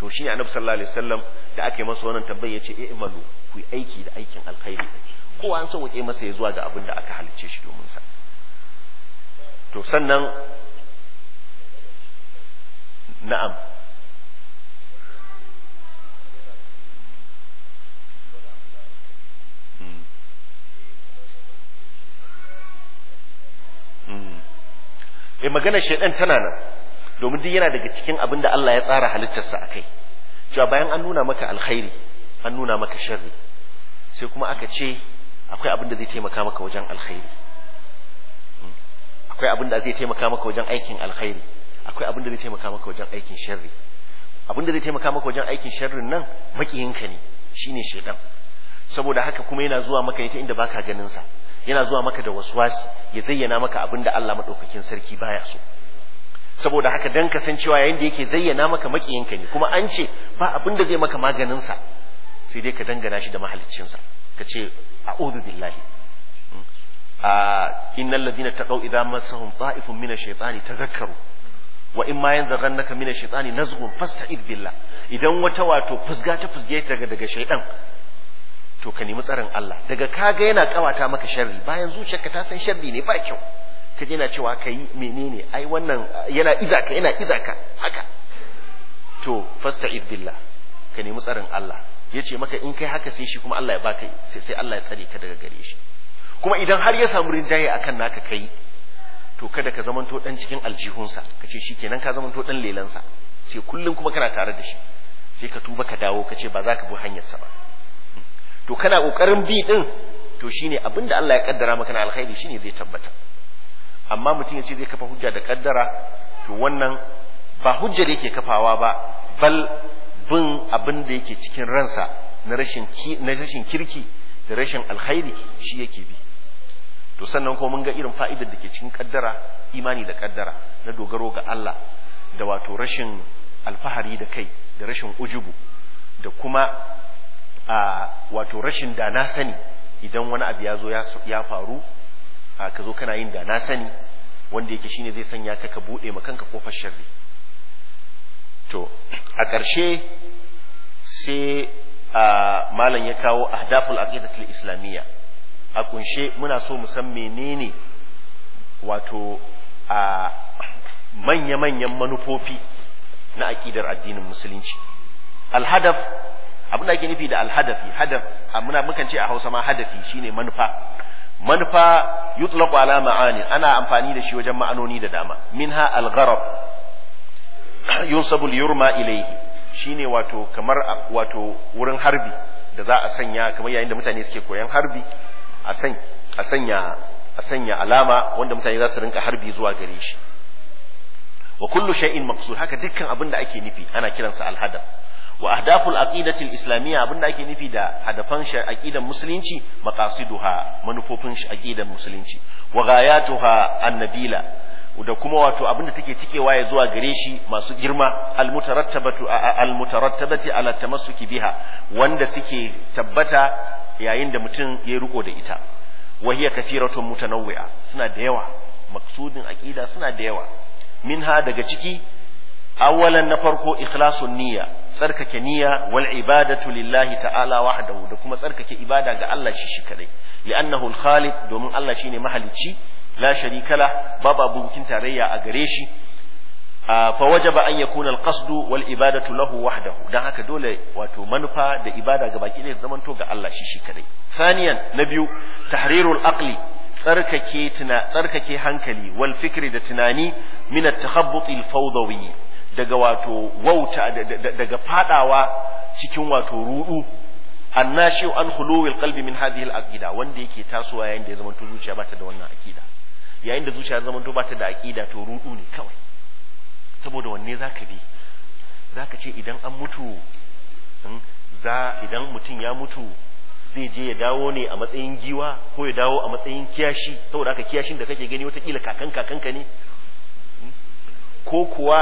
to shine annabi sallallahu alaihi wasallam da ake masa wannan tambayar e i'malu ku aiki da aikin alkhairi kowa an sauke masa ya zuwa ga abin da aka halicce shi domin sa to sannan na'am hmm. Hmm. eh maganar shaidan tana nan domin duk yana daga cikin abin da Allah ya tsara halittarsa a kai cewa bayan an nuna maka alkhairi an nuna maka sharri sai kuma aka ce akwai abin da zai taimaka maka wajen alkhairi hmm? akwai abin da zai taimaka maka wajen aikin alkhairi akwai abin da zai taimaka maka wajen aikin sharri abin da zai taimaka maka wajen aikin sharrin nan makiyinka ne shine shedan saboda haka kuma yana zuwa maka ne ta inda baka ganin sa yana zuwa maka da waswasi ya zayyana maka abin da Allah madaukakin sarki baya so saboda haka dan kasancewa yayin da yake zayyana maka makiyinka ne kuma an ce ba abin da zai maka maganin sa sai dai ka dangana shi da mahaliccinsa sa ka ce a'udhu billahi hmm? a innal ladina taqaw idan masahun ta'ifun mina ash ta zakaru, wa in ma yanzaghannaka min ash-shaytani nazghun fasta billah idan wata wato fusga ta fusge daga daga shaytan to ka nemi tsarin Allah daga kaga yana kawata maka sharri bayan zuciyarka ta san sharri ne ba kyau ka je yana cewa kai menene ai wannan yana izaka yana izaka haka to fasta billah ka nemi tsarin Allah ya ce maka in kai haka sai shi kuma Allah ya baka sai Allah ya tsare ka daga gare shi kuma idan har ya samu rinjaye akan naka kai to kada ka zamanto dan cikin aljihunsa ka ce shikenan ka zamanto dan lelansa sai kullun kuma kana tare da shi sai ka tuba ka dawo kace ba za ka bi sa ba to kana kokarin bi din to shine abinda Allah ya kaddara maka na alkhairi shine zai tabbata amma mutum ya ce zai kafa hujja da kaddara to wannan ba hujjar yake kafawa ba bal bin abin da yake cikin ransa na rashin na rashin kirki da rashin alkhairi shi yake bi to sannan kuma mun ga irin fa'idar da ke cikin kaddara imani da kaddara na dogaro ga Allah da wato rashin alfahari da kai da rashin ujubu da kuma a wato rashin da na sani idan wani abu ya zo ya faru ka zo kana yin da na sani wanda yake shine zai sanya ka ka bude ma kanka kofar sharri to a ƙarshe sai a malam ya kawo ahdaful aqidatul islamiyya a kunshe muna so mu san menene wato a manya-manyan manufofi na aƙidar addinin musulunci alhadaf abin da ake nufi da alhadafi hadaf muna mukan ce a hausa ma hadafi shine manufa manufa yutlaqu ala ma'ani ana amfani da shi wajen ma'anoni da dama minha algharab yunsabul yurma ilaihi shine wato kamar wato wurin harbi da za a sanya kamar yayin da mutane suke koyan harbi a san a sanya a sanya alama wanda mutane za su rinka harbi zuwa gare shi wa kullu shay'in maqsud haka dukkan abin da ake nufi ana kiransa alhadaf wa ahdaful aqidati al-islamiyya abin da ake nufi da hadafan shi aqidan musulunci maqasiduha manufofin shi aqidan musulunci wa ghayatuha an-nabila da kuma wato abinda take cikewa ya zuwa gare shi masu girma almutarattabatu almutarattabati ala tamassuki biha wanda suke tabbata yayin da mutum ya riko da ita wa hiya kathiratun mutanawwi'a suna da yawa maksudin aqida suna da yawa minha daga ciki awalan na farko ikhlasun niyya tsarkake niyya wal ibadatu lillahi ta'ala wahdahu da kuma tsarkake ibada ga Allah shi shi kadai li'annahu al-khaliq domin Allah shine mahalicci la sharika la babu abokin tarayya a gare shi fa wajaba an yakuna al-qasd wal ibadatu lahu wahdahu dan haka dole wato manufa da ibada ga baki ne zaman to ga Allah shi shi kadai thaniyan na biyu tahrirul aqli tsarkake tuna tsarkake hankali wal fikri da tunani min at-takhabbut al-fawdawi daga wato wauta daga fadawa cikin wato rudu annashu an khuluwil qalbi min hadhihi al-aqida wanda yake tasowa yayin da ya zama zuciya bata da wannan aqida yayin da zuciya zaman to bata da aqida to rudu ne kawai saboda wanne zaka bi zaka ce idan an mutu hmm, za idan mutum ya mutu zai je ya dawo ne a matsayin giwa ko ya dawo a matsayin kiyashi saboda haka kiyashin da kake gani watakila kakan kakanka ne hmm? ko kuwa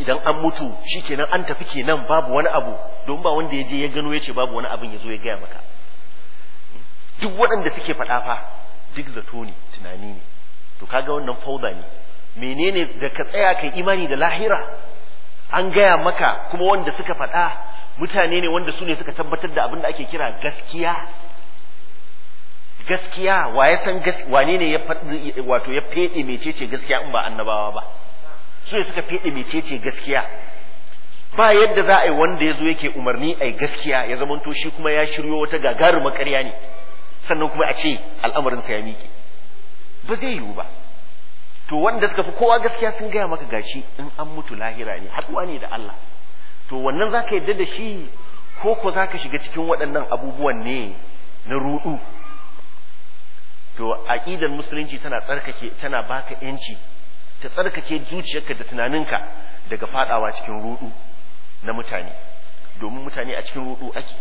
idan an mutu shikenan an tafi kenan babu wani abu don ba wanda ya je ya gano ya ce babu wani abin ya zo ya gaya maka hmm? duk waɗanda suke faɗa fa duk zato ne tunani ne to kaga wannan fauda ne menene da ka tsaya kai imani da lahira an gaya maka kuma wanda suka faɗa mutane ne wanda su ne suka tabbatar da abin da ake kira gaskiya gaskiya wa ya san wane ne ya wato ya fede mecece gaskiya in ba annabawa ba su ne suka fede mecece gaskiya ba yadda za a yi wanda ya zo yake umarni a gaskiya ya zamanto shi kuma ya shiryo wata gagarumar ƙarya ne sannan kuma a ce al'amarin sa ya miƙe ba zai yiwu ba to wanda suka fi kowa gaskiya sun gaya maka gashi in an mutu lahira ne haɗuwa ne da Allah to wannan zaka yadda da shi ko ko zaka shiga cikin waɗannan abubuwan ne na ruɗu to aqidar musulunci tana tsarkake tana baka yanci ta tsarkake zuciyarka da tunaninka daga fadawa cikin ruɗu na mutane domin mutane a cikin ruɗu ake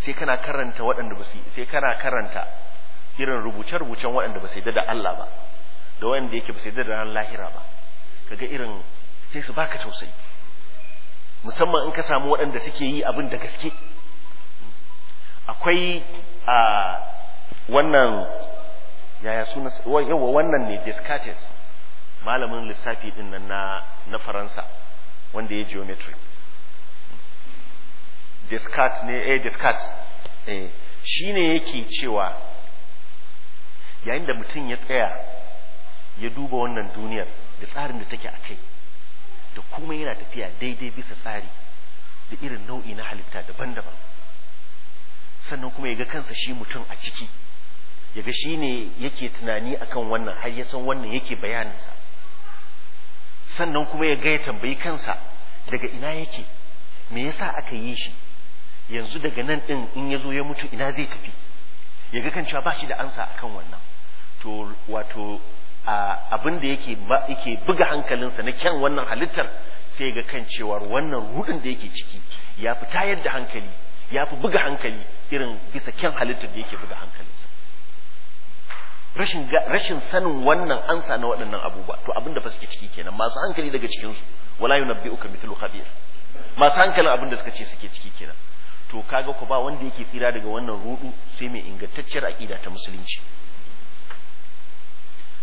sai kana karanta waɗanda ba su sai kana karanta irin rubuce-rubucen waɗanda ba su yadda da Allah ba da waɗanda yake ba su yadda da ran lahira ba kaga irin sai su baka tausayi musamman in ka samu waɗanda suke yi abin da gaske akwai a wannan yaya suna yawa wannan ne Descartes malamin lissafi din nan na Faransa wanda ya geometry discard ne eh discard eh shine yake cewa yayin da mutum ya tsaya ya duba wannan duniyar da tsarin da take a kai da kuma yana tafiya daidai bisa tsari da irin nau'i na halitta daban-daban sannan kuma ya ga kansa shi mutum a ciki Yaga ga shi ne yake tunani akan wannan har ya san wannan yake sa, sannan kuma ya ga ya tambayi kansa daga ina yake me yasa aka yi shi yanzu daga nan din in ya zo ya mutu ina zai tafi ya ga kan cewa ba shi da ansa a kan wannan to wato abin da yake yake buga hankalinsa na kyan wannan halittar sai ga kan cewa wannan rudin da yake ciki ya fi tayar da hankali ya fi buga hankali irin bisa kyan halittar da yake buga hankalinsa rashin rashin sanin wannan ansa na waɗannan abubuwa to abin da fa suke ciki kenan masu hankali daga cikinsu wala yunabbi'uka mithlu khabir masu hankalin abin da suka ce suke ciki kenan to kaga ku ba wanda yake tsira daga wannan rudu sai mai ingantacciyar aqida ta musulunci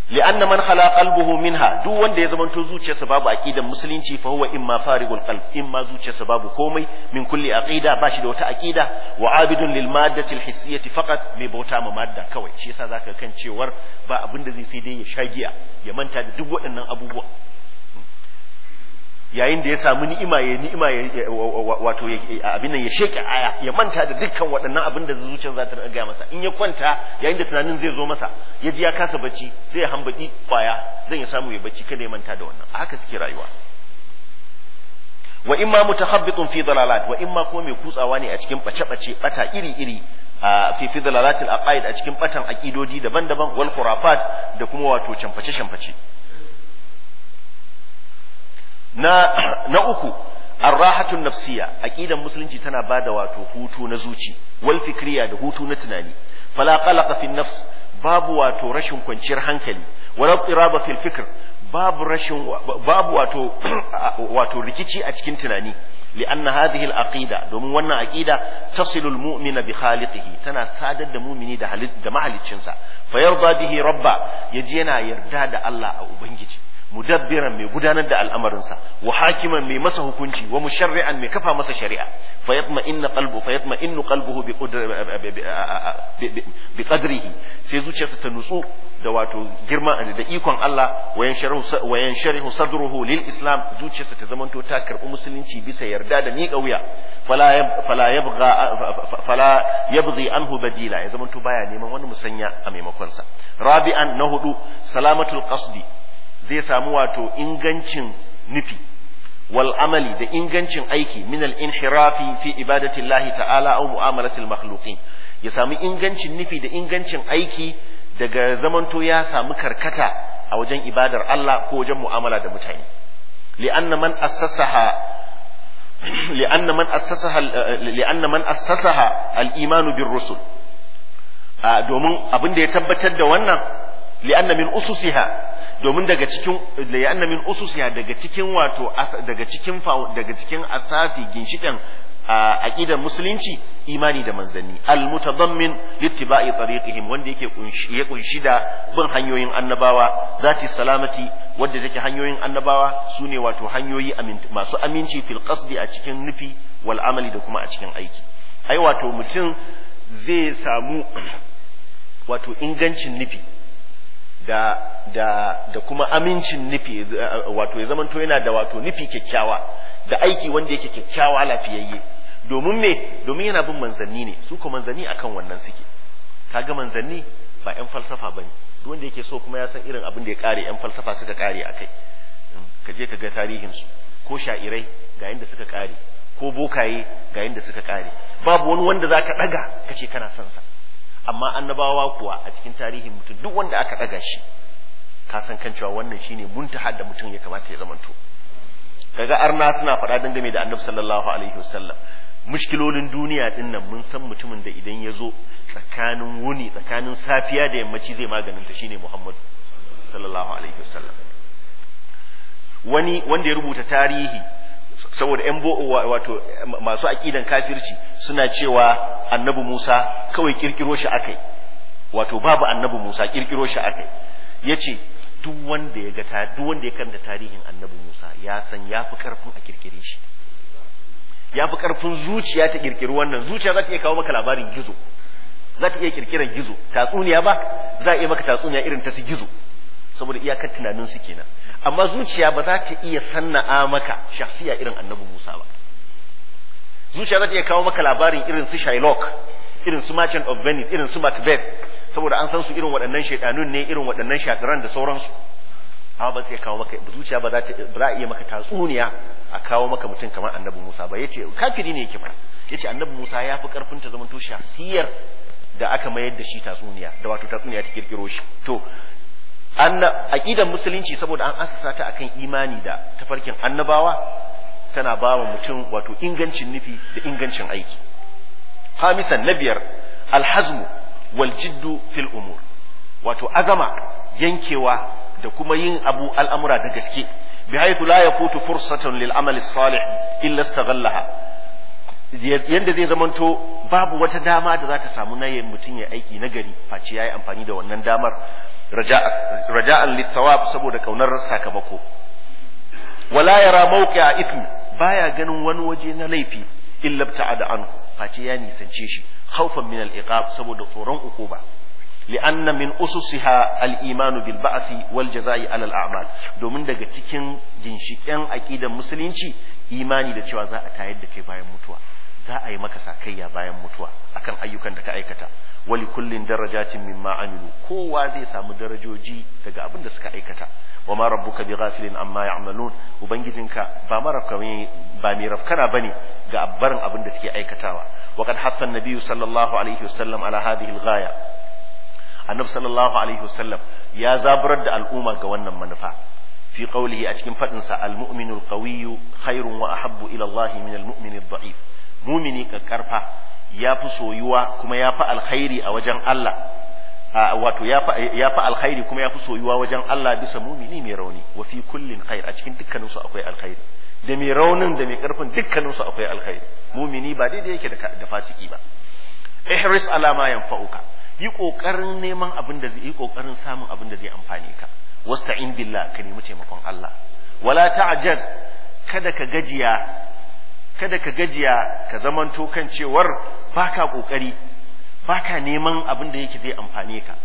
li'anna man khala qalbuhu minha duk wanda ya zamanto zuciyarsa babu aqidan musulunci fa huwa imma farigul qalb imma zuciyarsa babu komai min kulli aqida bashi da wata aqida wa abidun lil maddati al hissiyati faqat mai bauta ma madda kawai shi yasa zaka kan cewar ba abin da zai sai dai ya shagiya ya manta da duk waɗannan abubuwa. yayin da ya samu ni'ima ya ni'ima ya wato abin nan ya sheke aya ya manta da dukkan waɗannan abin da zuciyar za ta ga masa in ya kwanta yayin da tunanin zai zo masa ya ji ya kasa bacci sai ya hambaki kwaya zan ya samu ya bacci kada ya manta da wannan haka suke rayuwa wa imma mutahabbitun fi dalalat wa imma kuma mai kutsawa ne a cikin bace-bace bata iri-iri a fi fi dalalatil aqaid a cikin batan aqidodi daban-daban wal khurafat da kuma wato canface camface na na uku arrahatun nafsiya aqidan musulunci tana bada wato hutu na zuci wal fikriya da hutu na tunani fala qalaqa fi nafs babu wato rashin kwanciyar hankali wala iraba fil fikr babu rashin babu wato wato rikici a cikin tunani لأن هذه العقيدة دومن وانا عقيدة تصل المؤمن بخالقه تنا سادة المؤمن ده ده محل تشنسا فيرضى به ربا يجينا da الله أو Ubangiji. mudabbiran mai gudanar da al'amarinsa wa hakiman mai masa hukunci wa musharri'an mai kafa masa shari'a fa yatma inna qalbu fa yatma innu qalbuhu bi qadrihi sai zuciyarsa ta nutsu da wato girma da ikon Allah wayan sharihu wayan sharihu sadruhu lil islam zuciyarsa ta zamanto ta karbi musulunci bisa yarda da miƙa wuya fala fala yabgha fala yabghi anhu badila ya zamanto baya neman wani musanya a maimakon sa rabi'an na hudu salamatul qasdi zai samu wato ingancin nufi wal amali da ingancin aiki min al inhirafi fi ibadatillahi ta'ala aw mu'amalati al makhluqin ya samu ingancin nufi da ingancin aiki daga zamanto ya samu karkata a wajen ibadar Allah ko wajen mu'amala da mutane li'anna man assasaha لأن من أسسها لأن من أسسها الإيمان بالرسل domin abin da ya tabbatar da wannan li'anna min ususiha domin daga cikin li'anna min ususiha daga cikin wato daga cikin daga cikin asasi ginshikan aqidar musulunci imani da manzanni almutadammin littiba'i tariqihim wanda yake ya kunshi da bin hanyoyin annabawa zati salamati wanda take hanyoyin annabawa sune wato hanyoyi masu aminci fil qasdi a cikin nufi wal amali da kuma a cikin aiki ai wato mutum zai samu wato ingancin nufi da da da kuma amincin nufi wato ya zamanto yana da wato nufi kyakkyawa da aiki wanda yake kyakkyawa lafiyayye domin me domin yana bin manzanni ne su ko manzanni akan wannan suke kaga manzanni ba yan falsafa bane duk wanda yake so kuma ya san irin abin da ya kare yan falsafa suka kare akai ka je ka ga tarihin su ko sha'irai ga yanda suka kare ko bokaye ga yanda suka kare babu wani wanda zaka daga kace kana son sa amma annabawa kuwa a cikin tarihin mutum duk wanda aka ɗaga shi ka san kan cewa wannan shine muntaha da mutum ya kamata ya zamanto kaga arna suna faɗa game da annabi sallallahu alaihi wasallam mushkilolin duniya din nan mun san mutumin da idan ya zo tsakanin wuni tsakanin safiya da yammaci zai maganin ta shine muhammad sallallahu alaihi wasallam wani wanda ya rubuta tarihi saboda yan wato masu aƙidan kafirci suna cewa annabi Musa kawai kirkiro shi akai wato babu annabi Musa kirkiro shi akai yace duk wanda ya ga duk wanda ya karanta tarihin annabi Musa ya san yafi ƙarfin a kirkire shi Ya fi karfin zuciya ta kirkiri wannan zuciya za ta iya kawo maka labarin gizo za ta iya ƙirƙiran gizo tatsuniya ba za a iya maka tatsuniya irin ta su gizo saboda iyakar tunanin su kenan amma zuciya ba za ta iya sanna'a maka shafsiya irin annabi Musa ba zuciya za ta iya kawo maka labarin irin su Shylock irin su Merchant of Venice irin su Macbeth saboda an san su irin waɗannan shaidanun ne irin waɗannan shadiran da sauransu amma ba sai kawo maka zuciya ba za ta iya maka tatsuniya a kawo maka mutum kamar annabi Musa ba yace kafiri ne yake ba yace annabi Musa ya fi karfin ta zamanto shafsiyar da aka mayar da shi tatsuniya da wato tatsuniya ta kirkiro shi to aqidan musulunci saboda an asasa ta akan imani da tafarkin annabawa tana ba wa mutum wato ingancin nufi da ingancin aiki hamisan na biyar alhazmu wal jiddu fil umur wato azama yankewa da kuma yin abu al'amura da gaske bi haythu la yafutu fursatun lil amali salih illa istaghallaha yadda zai zamanto babu wata dama da za samu na mutum ya aiki na gari face ya yi amfani da wannan damar raja'an littawab saboda kaunar sakamako wala yara mauki a ithmi baya ganin wani waje na laifi illa da anhu face ya nisance shi haufan min al-iqab saboda tsoron ukuba li'anna min ususiha al-imanu bil ba'thi wal jaza'i 'ala al-a'mal domin daga cikin ginshiƙen aqidar musulunci imani da cewa za a tayar da kai bayan mutuwa za a yi maka sakayya bayan mutuwa akan ayyukan da ka aikata wali kullin darajatin mimma amilu kowa zai samu darajoji daga abin da suka aikata wa ma rabbuka bi ghafilin amma ya'malun ubangijinka ba marafkani ba mai rafkana bane ga barin abin da suke aikatawa wa kad hatta nabiyyu sallallahu alaihi wasallam ala hadhihi al annabi sallallahu alaihi wasallam ya zaburar da al'umma ga wannan manufa fi qawlihi a cikin fadin sa al-mu'minul qawiyyu khairun wa ahabbu ila Allah min al-mu'min daif mumini kakkarfa ya fi soyuwa kuma ya fi alkhairi a wajen Allah wato ya fi alkhairi kuma ya fi soyuwa wajen Allah bisa mumini mai rauni wa fi kullin khair a cikin dukkaninsu akwai alkhairi da mai raunin da mai karfin dukkaninsu akwai alkhairi mumini ba daidai yake da fasiki ba ihris ala ma yanfa'uka yi kokarin neman abin da zai yi kokarin samun abin da zai amfane ka wasta'in billah ka nemi taimakon Allah wala ta'jaz kada ka gajiya kada ka gajiya ka zamanto kan cewar baka kokari baka neman abin da yake zai amfane ka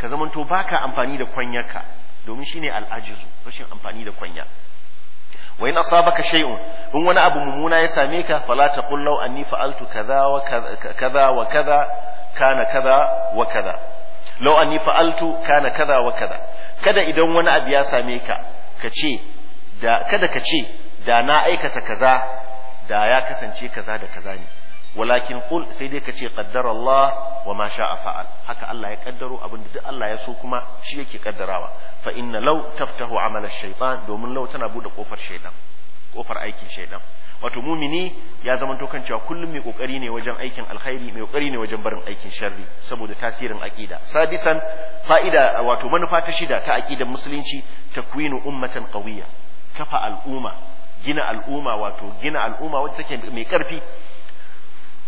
ka zamanto baka amfani da kwanyarka domin shine al'ajizu rashin amfani da kwanya wa in asabaka shay'un in wani abu mumuna ya same ka fala taqul law anni fa'altu kaza wa kaza wa kaza kana kaza wa kaza law anni fa'altu kana kaza wa kaza kada idan wani abu ya same ka ka ce da kada ka ce da na aikata kaza da ya kasance kaza da kaza ne walakin qul sai dai kace qaddara Allah wa ma sha'a fa'al haka Allah ya kaddaro abin da duk Allah ya so kuma shi yake kaddarawa fa inna law taftahu amala shaytan domin law tana bude kofar shaytan kofar aikin shaytan wato mumini ya zama to kan cewa kullum mai kokari ne wajen aikin alkhairi mai kokari ne wajen barin aikin sharri saboda tasirin aqida sadisan fa'ida wato manufa ta shida ta aqidan musulunci takwinu ummatan qawiyya kafa al'umma gina al'umma wato gina al'umma wacce take mai karfi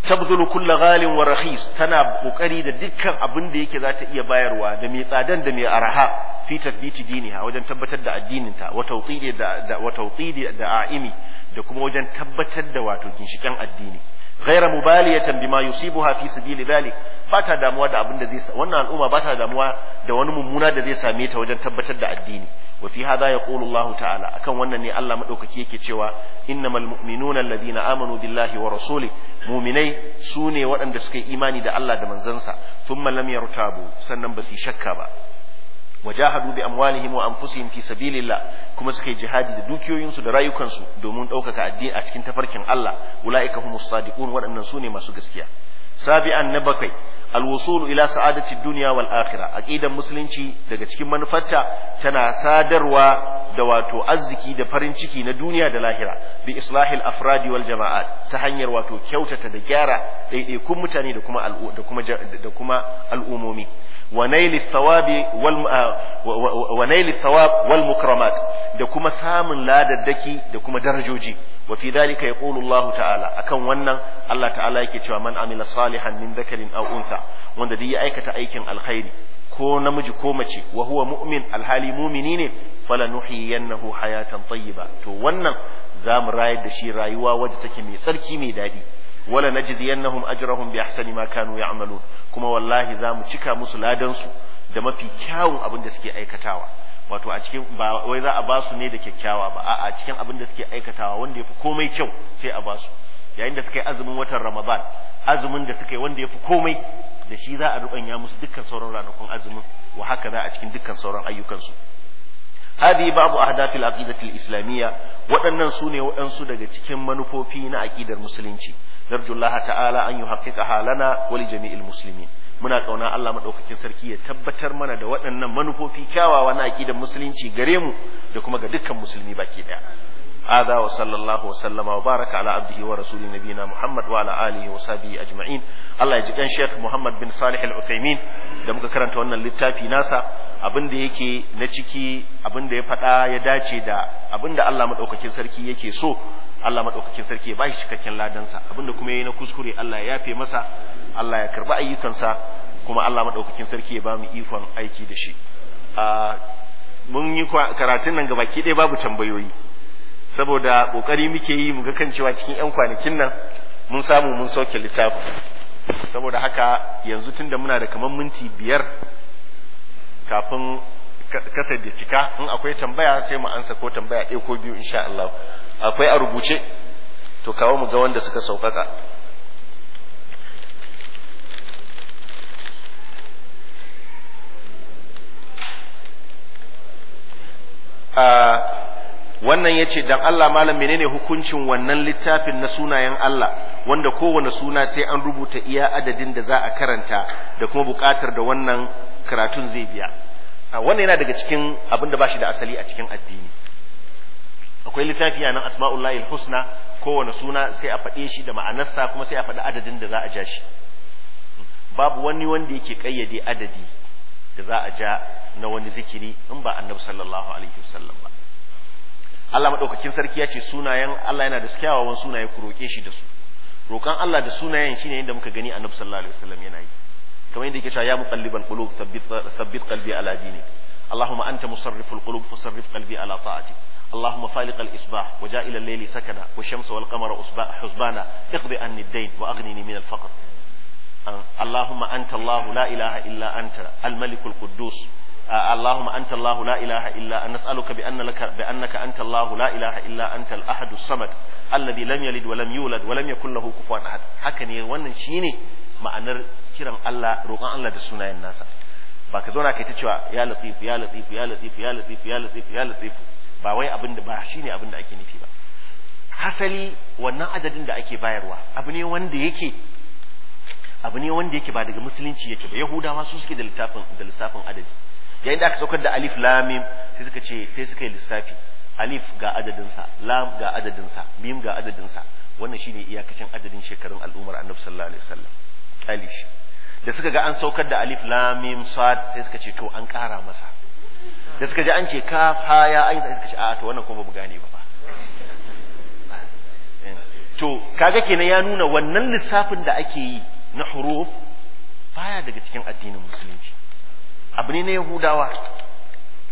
tabzulu kullu ghalin wa rahis tana kokari da dukkan abin da yake za ta iya bayarwa da mai tsadan da mai araha fi tabbiti diniha wajen tabbatar da addininta wa tawqidi da wa tawqidi da aimi da kuma wajen tabbatar da wato ginshikan addini ghaira mubaliyatan bima yusibuha fi sabili dhalik ba damuwa da abin da zai sa wannan al'umma bata damuwa da wani mummuna da zai same ta wajen tabbatar da addini wa fi hadha yaqulu Allahu ta'ala akan wannan ne Allah madaukaki yake cewa innamal mu'minuna alladhina amanu billahi wa rasuli mu'minai sune waɗanda suka yi imani da Allah da manzansa thumma lam yartabu sannan ba su shakka ba wajahadu bi amwalihim wa anfusihim fi sabilillah kuma suka yi jihadi da dukiyoyinsu da rayukansu domin ɗaukaka addini a cikin tafarkin Allah ulaika humus sadiqun waɗannan su ne masu gaskiya sabi'an na bakwai alwusulu ila sa'adati dunya wal akhirah aqidan musulunci daga cikin manufarta tana sadarwa da wato arziki da farin ciki na duniya da lahira bi islahil afradi wal jama'at ta hanyar wato kyautata da gyara daidaikun mutane da kuma da da kuma al'umomi ونيل الثواب ونيل الثواب والمكرمات da kuma samun ladaddaki da kuma darajoji wa fi ya yaqulu Allah ta'ala akan wannan Allah ta'ala yake cewa man amila salihan min dhakarin aw untha wanda duk ya aikata aikin alkhairi ko namiji ko mace wa huwa mu'min alhali mumini ne fala nuhiyannahu hayatan tayyiba to wannan za mu rayar da shi rayuwa wadda take mai tsarki mai daɗi. wala najziyannahum ajrahum bi ahsani ma kanu ya'malun kuma wallahi za mu cika musu ladan su da mafi kyawun abin da suke aikatawa wato a cikin ba wai za a ba su ne da kyakkyawa ba a'a cikin abin da suke aikatawa wanda yafi komai kyau sai a ba su yayin da suka yi azumin watan Ramadan azumin da suka yi wanda yafi komai da shi za a rubanya musu dukkan sauran ranakun azumin wa haka za a cikin dukkan sauran ayyukansu hadi babu ahdafil aqidatil islamiyya waɗannan su ne waɗansu daga cikin manufofi na aqidar musulunci narjullaha ta'ala an yuhaqqiqaha lana halana li jami'il musulmi muna kauna Allah madaukakin sarki ya tabbatar mana da waɗannan manufofi kyawawa na aqidar musulunci gare mu da kuma ga dukkan musulmi baki daya هذا وصلى الله وسلم Muhammad wa ala alihi نبينا محمد وعلى Allah ya ji الله sheikh Muhammad bin Salih صالح العثيمين da muka karanta wannan littafi nasa abin da yake na ciki abin da ya faɗa ya dace da abin da Allah madaukakin sarki yake so Allah madaukakin sarki ya shi cikakken ladansa abinda kuma yayi na kuskure Allah ya yafe masa Allah ya karba ayyukansa kuma Allah maɗaukakin sarki ya bamu ikon aiki da shi a mun yi karatun nan gabaki ɗaya babu tambayoyi saboda kokari muke yi mu ga kan cewa cikin yan kwanakin nan mun samu mun sauke littafin saboda haka yanzu tunda muna da kamar minti biyar kafin kasar da cika in akwai tambaya sai mu ansa ko tambaya ɗaya ko biyu insha Allah akwai a rubuce to kawo mu ga wanda suka sauƙaƙa wannan ya ce don Allah malam menene hukuncin wannan littafin na sunayen Allah wanda kowane suna sai an rubuta iya adadin da za a karanta da kuma buƙatar da wannan karatun zai biya Ah, wannan yana daga cikin abin da ba shi da asali a cikin addini akwai littafi a nan asma'ullahi husna kowane suna sai a faɗe shi da ma'anarsa kuma sai a faɗi adadin da za a ja shi babu wani wanda yake kayyade adadi da za a ja na wani zikiri in ba annabi sallallahu alaihi wasallam ba Allah madaukakin sarki ya ce sunayen Allah yana da kyawawan sunaye ku roke shi da su roƙon Allah da sunayen shine yadda muka gani annabi sallallahu alaihi wasallam yana yi kamar yadda yake cewa ya ثبت قلبي على دينك اللهم أنت مصرف القلوب فصرف قلبي على طاعتك اللهم فالق الإصباح وجاء إلى الليل سكنا والشمس والقمر حزبانا اقضي عني الدين وأغنني من الفقر اللهم أنت الله لا إله إلا أنت الملك القدوس اللهم أنت الله لا إله إلا أن نسألك بأن لك بأنك أنت الله لا إله إلا أنت الأحد الصمد الذي لم يلد ولم يولد ولم يكن له كفوا أحد هكذا wannan shine ma'anar kiran Allah roƙon Allah da sunayen nasa ba ka zauna kai ta cewa ya latif ya latif ya latif ya latif ya latif ya latif ba wai abin da ba shine abin da ake nufi ba hasali wannan adadin da ake bayarwa abu ne wanda yake abu ne wanda yake ba daga musulunci yake ba yahudawa su suke da littafin da lissafin adadi yayin da aka saukar da alif lamim sai suka ce sai suka yi lissafi alif ga adadinsa lam ga adadinsa mim ga adadinsa wannan shine iyakacin adadin shekarun al'ummar annabi sallallahu alaihi wasallam alish da suka ga an saukar da alif lamim sad sai suka ce to an ƙara masa da suka ji an ce ka ha ya ayin sai suka ce a to wannan kuma bamu gane ba to kaga kenan ya nuna wannan lissafin da ake yi na huruf baya daga cikin addinin musulunci abu ne na yahudawa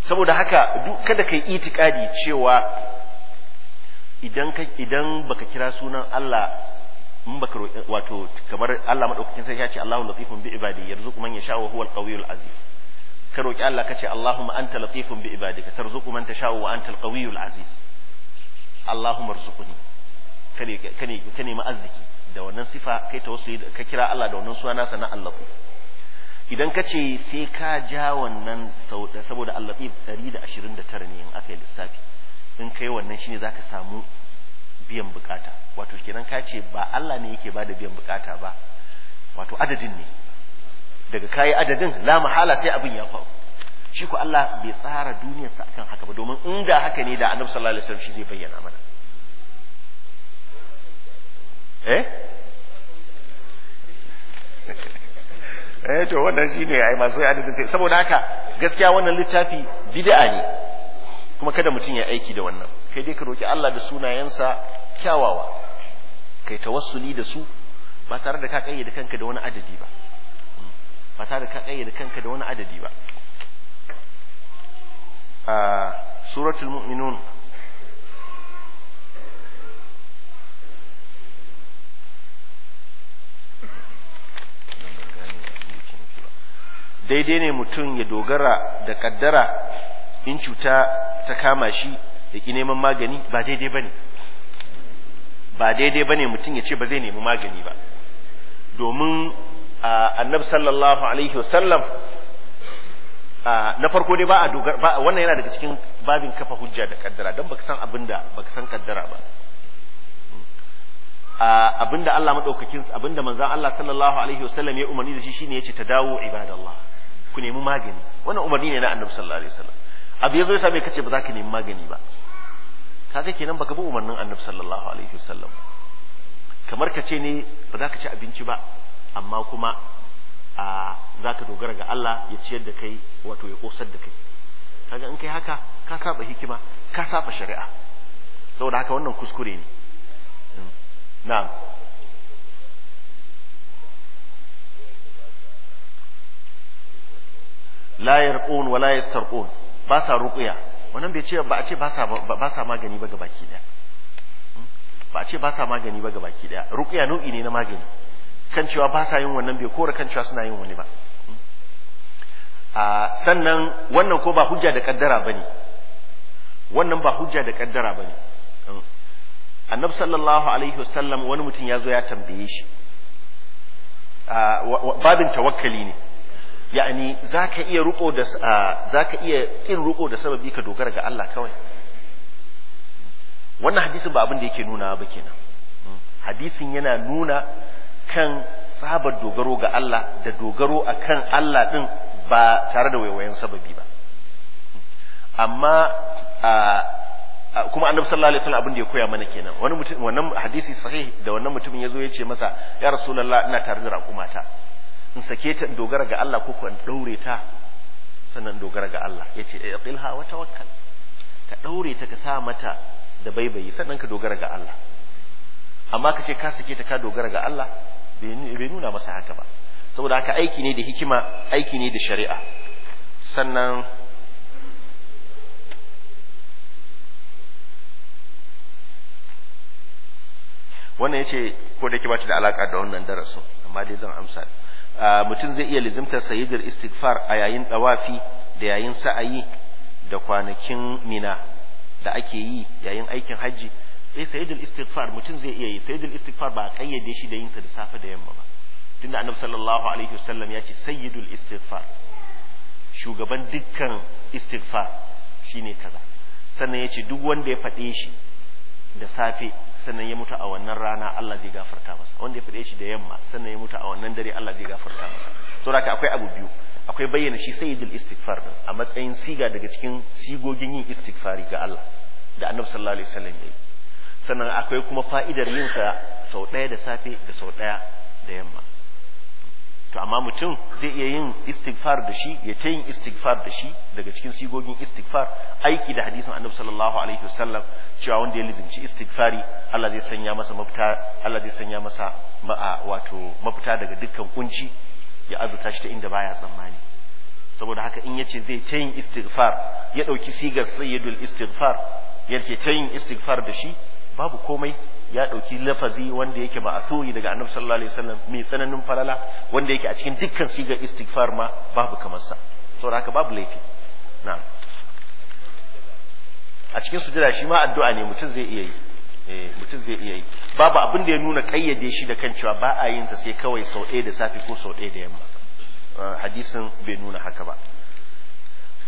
saboda haka kada ka yi itikadi cewa idan idan baka kira sunan Allah in baka wato kamar Allah madaukakin sai ya ce Allahu latifun bi ibadi yarzuqu man yasha wa huwal qawiyul aziz ka roki Allah ka ce Allahumma anta latifun bi ibadika tarzuqu man tasha wa anta al qawiyul aziz Allahumma arzuqni kane kane kane ma arziki da wannan sifa kai tawassuli ka kira Allah da wannan suna nasa na Allah idan ka ce sai ka ja wannan saboda allatif 129 ne in aka yi lissafi in kai wannan shine ka samu biyan bukata wato kenan ka ce ba Allah ne yake bada biyan bukata ba wato adadin ne daga kayi adadin la mahala sai abin ya faru shi ku Allah bai tsara duniyarsa akan haka ba domin inda haka ne da Annabi sallallahu alaihi wasallam shi zai bayyana mana eh eh to wannan shine ai masu hadisi sai saboda haka gaskiya wannan littafi bid'a ne kuma kada mutum ya aiki da wannan kai dai ka roki Allah da sunayensa kyawawa kai tawassuli da su ba tare da ka kayyade kanka da wani adadi ba ba tare da ka kayyade kanka da wani adadi ba a ah, suratul mu'minun daidai ne mutum ya dogara da kaddara in cuta ta kama shi da ki neman magani ba daidai bane ba daidai bane mutum ya ce ba zai nemi magani ba domin annab sallallahu alaihi wasallam na farko dai ba a dogara wannan yana daga cikin babin kafa hujja da kaddara don baka san abinda baka san kaddara ba abinda Allah madaukakin abinda manzon Allah sallallahu alaihi wasallam ya umarni da shi shine yace tadawu ibadallah ku nemi magani wannan umarni ne na annabi sallallahu alaihi wasallam abu yazo ya same kace ba za ka nemi magani ba kaga kenan baka bi umarnin annabi sallallahu alaihi wasallam kamar ka ce ne ba za ka ci abinci ba amma kuma a za ka dogara ga Allah ya ciyar da kai wato ya kosar da kai kaga in kai haka ka saba hikima ka saba shari'a saboda haka wannan kuskure ne hmm. na'am la yarqun wa yastarqun ba sa ruqya wannan bai ce ba a ce ba sa ba sa magani ba gabaki daya ba a ce ba sa magani ba gabaki daya ruqya nau'i ne na magani kan cewa ba sa yin wannan bai kora kan cewa suna yin wani ba a sannan wannan ko ba hujja da kaddara bane wannan ba hujja da kaddara bane annabi sallallahu alaihi wasallam wani mutum ya zo ya tambaye shi babin tawakkali ne yani zaka iya ruko da zaka iya kin ruko da sababi ka dogara ga Allah kawai wannan hadisin ba abin da yake nuna ba kenan hadisin yana nuna kan tsabar dogaro ga Allah da dogaro akan Allah din ba tare da waiwayen sababi ba amma kuma annabi sallallahu alaihi wasallam abin da ya koya mana kenan wani mutum wannan hadisi sahih da wannan mutumin yazo ya ce masa ya rasulullah ina tare da raƙumata in sake ta in dogara ga Allah ko in daure ta sannan dogara ga Allah yace iqilha eh, wa tawakkal ka daure ta ka sa mata da baibayi sannan ka dogara ga Allah amma ka ce ka sake ta ka dogara ga Allah bai nuna masa haka ba saboda haka aiki ne da hikima aiki ne da shari'a sannan wannan yace ko da ke ba ta da alaka da wannan darasin amma dai zan amsa Ah, mutum zai iya lizimtar sayyidul istighfar a yayin dawafi da yayin sa'ayi da kwanakin mina da ake yi yayin aikin hajji sai sayyidul istighfar mutum zai iya yi sayyidul istighfar ba a kayyade shi da yinsa da safe da yamma ba tunda annabi sallallahu alaihi wasallam ya ce sayyidul istighfar shugaban dukkan istighfar shine kaza sannan ya ce duk wanda ya faɗe shi da safe sannan ya mutu a wannan rana Allah zai gafarta masa wanda ya fade shi da yamma sannan ya mutu a wannan dare Allah zai gafarta masa to haka akwai abu biyu akwai bayyana shi sayyidul istighfar din a matsayin siga daga cikin sigogin yin istighfari ga Allah da Annabi sallallahu alaihi wasallam yayi sannan akwai kuma fa'idar yin sa sau ɗaya da safe da sau ɗaya da yamma to amma mutum zai iya yin istighfar da shi ya ta yin istighfar da shi daga cikin sigogin istighfar aiki da hadisin annabi sallallahu alaihi wasallam cewa wanda ya lizinci istighfari Allah zai sanya masa mafita Allah zai sanya masa wato mafita daga dukkan kunci ya azuta shi ta inda baya tsammani saboda haka in yace zai ta yin istighfar ya dauki sigar sayyidul istighfar yake ta yin istighfar da shi babu komai ya ɗauki lafazi wanda yake ba a ma'asuri daga annabi sallallahu alaihi wasallam mai tsananin falala wanda yake a cikin dukkan siga istighfar ma babu kamar sa haka babu laifi na'am a cikin sujada shi ma addu'a ne mutum zai iya yi eh mutum zai iya yi babu abin da ya nuna kayyade shi da kan cewa ba a yin sa sai kawai sau ɗaya da safe ko sau ɗaya da yamma eh, hadisin bai nuna haka ba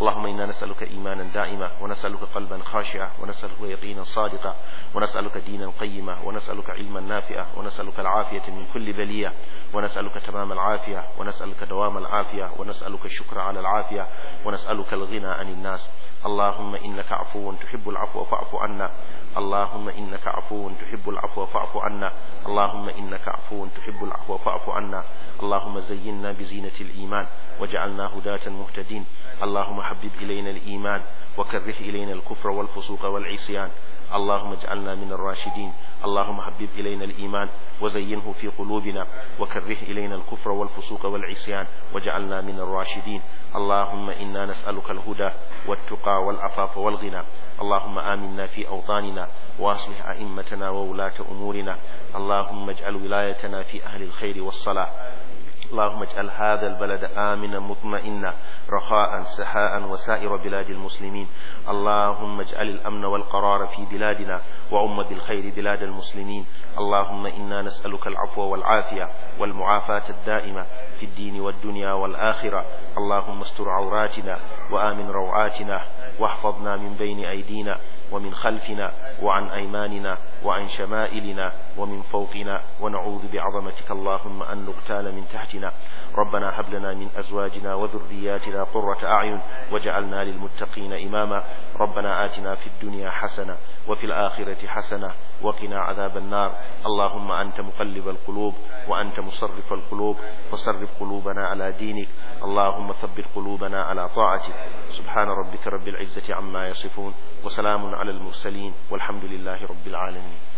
اللهم إنا نسألك إيمانا دائما ونسألك قلبا خاشعا ونسألك يقينا صادقا ونسألك دينا قيما ونسألك علما نافعا ونسألك العافية من كل بلية ونسألك تمام العافية ونسألك دوام العافية ونسألك الشكر على العافية ونسألك الغنى عن الناس اللهم إنك عفو تحب العفو فاعف عنا اللهم إنك عفو تحب العفو فاعف عنا اللهم إنك عفو تحب العفو فاعف عنا اللهم زينا بزينة الإيمان وجعلنا هداة مهتدين اللهم حبب إلينا الإيمان وكره إلينا الكفر والفسوق والعصيان اللهم اجعلنا من الراشدين اللهم حبب إلينا الإيمان وزينه في قلوبنا وكره إلينا الكفر والفسوق والعصيان وجعلنا من الراشدين اللهم إنا نسألك الهدى والتقى والعفاف والغنى اللهم آمنا في أوطاننا وأصلح أئمتنا وولاة أمورنا اللهم اجعل ولايتنا في أهل الخير والصلاة اللهم اجعل هذا البلد آمنا مطمئنا رخاء سحاء وسائر بلاد المسلمين اللهم اجعل الأمن والقرار في بلادنا وعم بالخير بلاد المسلمين اللهم إنا نسألك العفو والعافية والمعافاة الدائمة في الدين والدنيا والآخرة اللهم استر عوراتنا وآمن روعاتنا واحفظنا من بين أيدينا ومن خلفنا وعن أيماننا وعن شمائلنا ومن فوقنا ونعوذ بعظمتك اللهم أن نغتال من تحتنا ربنا هب لنا من أزواجنا وذرياتنا قرة أعين وجعلنا للمتقين إماما ربنا آتنا في الدنيا حسنة وفي الآخرة حسنة وقنا عذاب النار اللهم أنت مقلب القلوب وأنت مصرف القلوب فصرف قلوبنا على دينك اللهم ثبت قلوبنا على طاعتك سبحان ربك رب العزة عما يصفون وسلام على المرسلين والحمد لله رب العالمين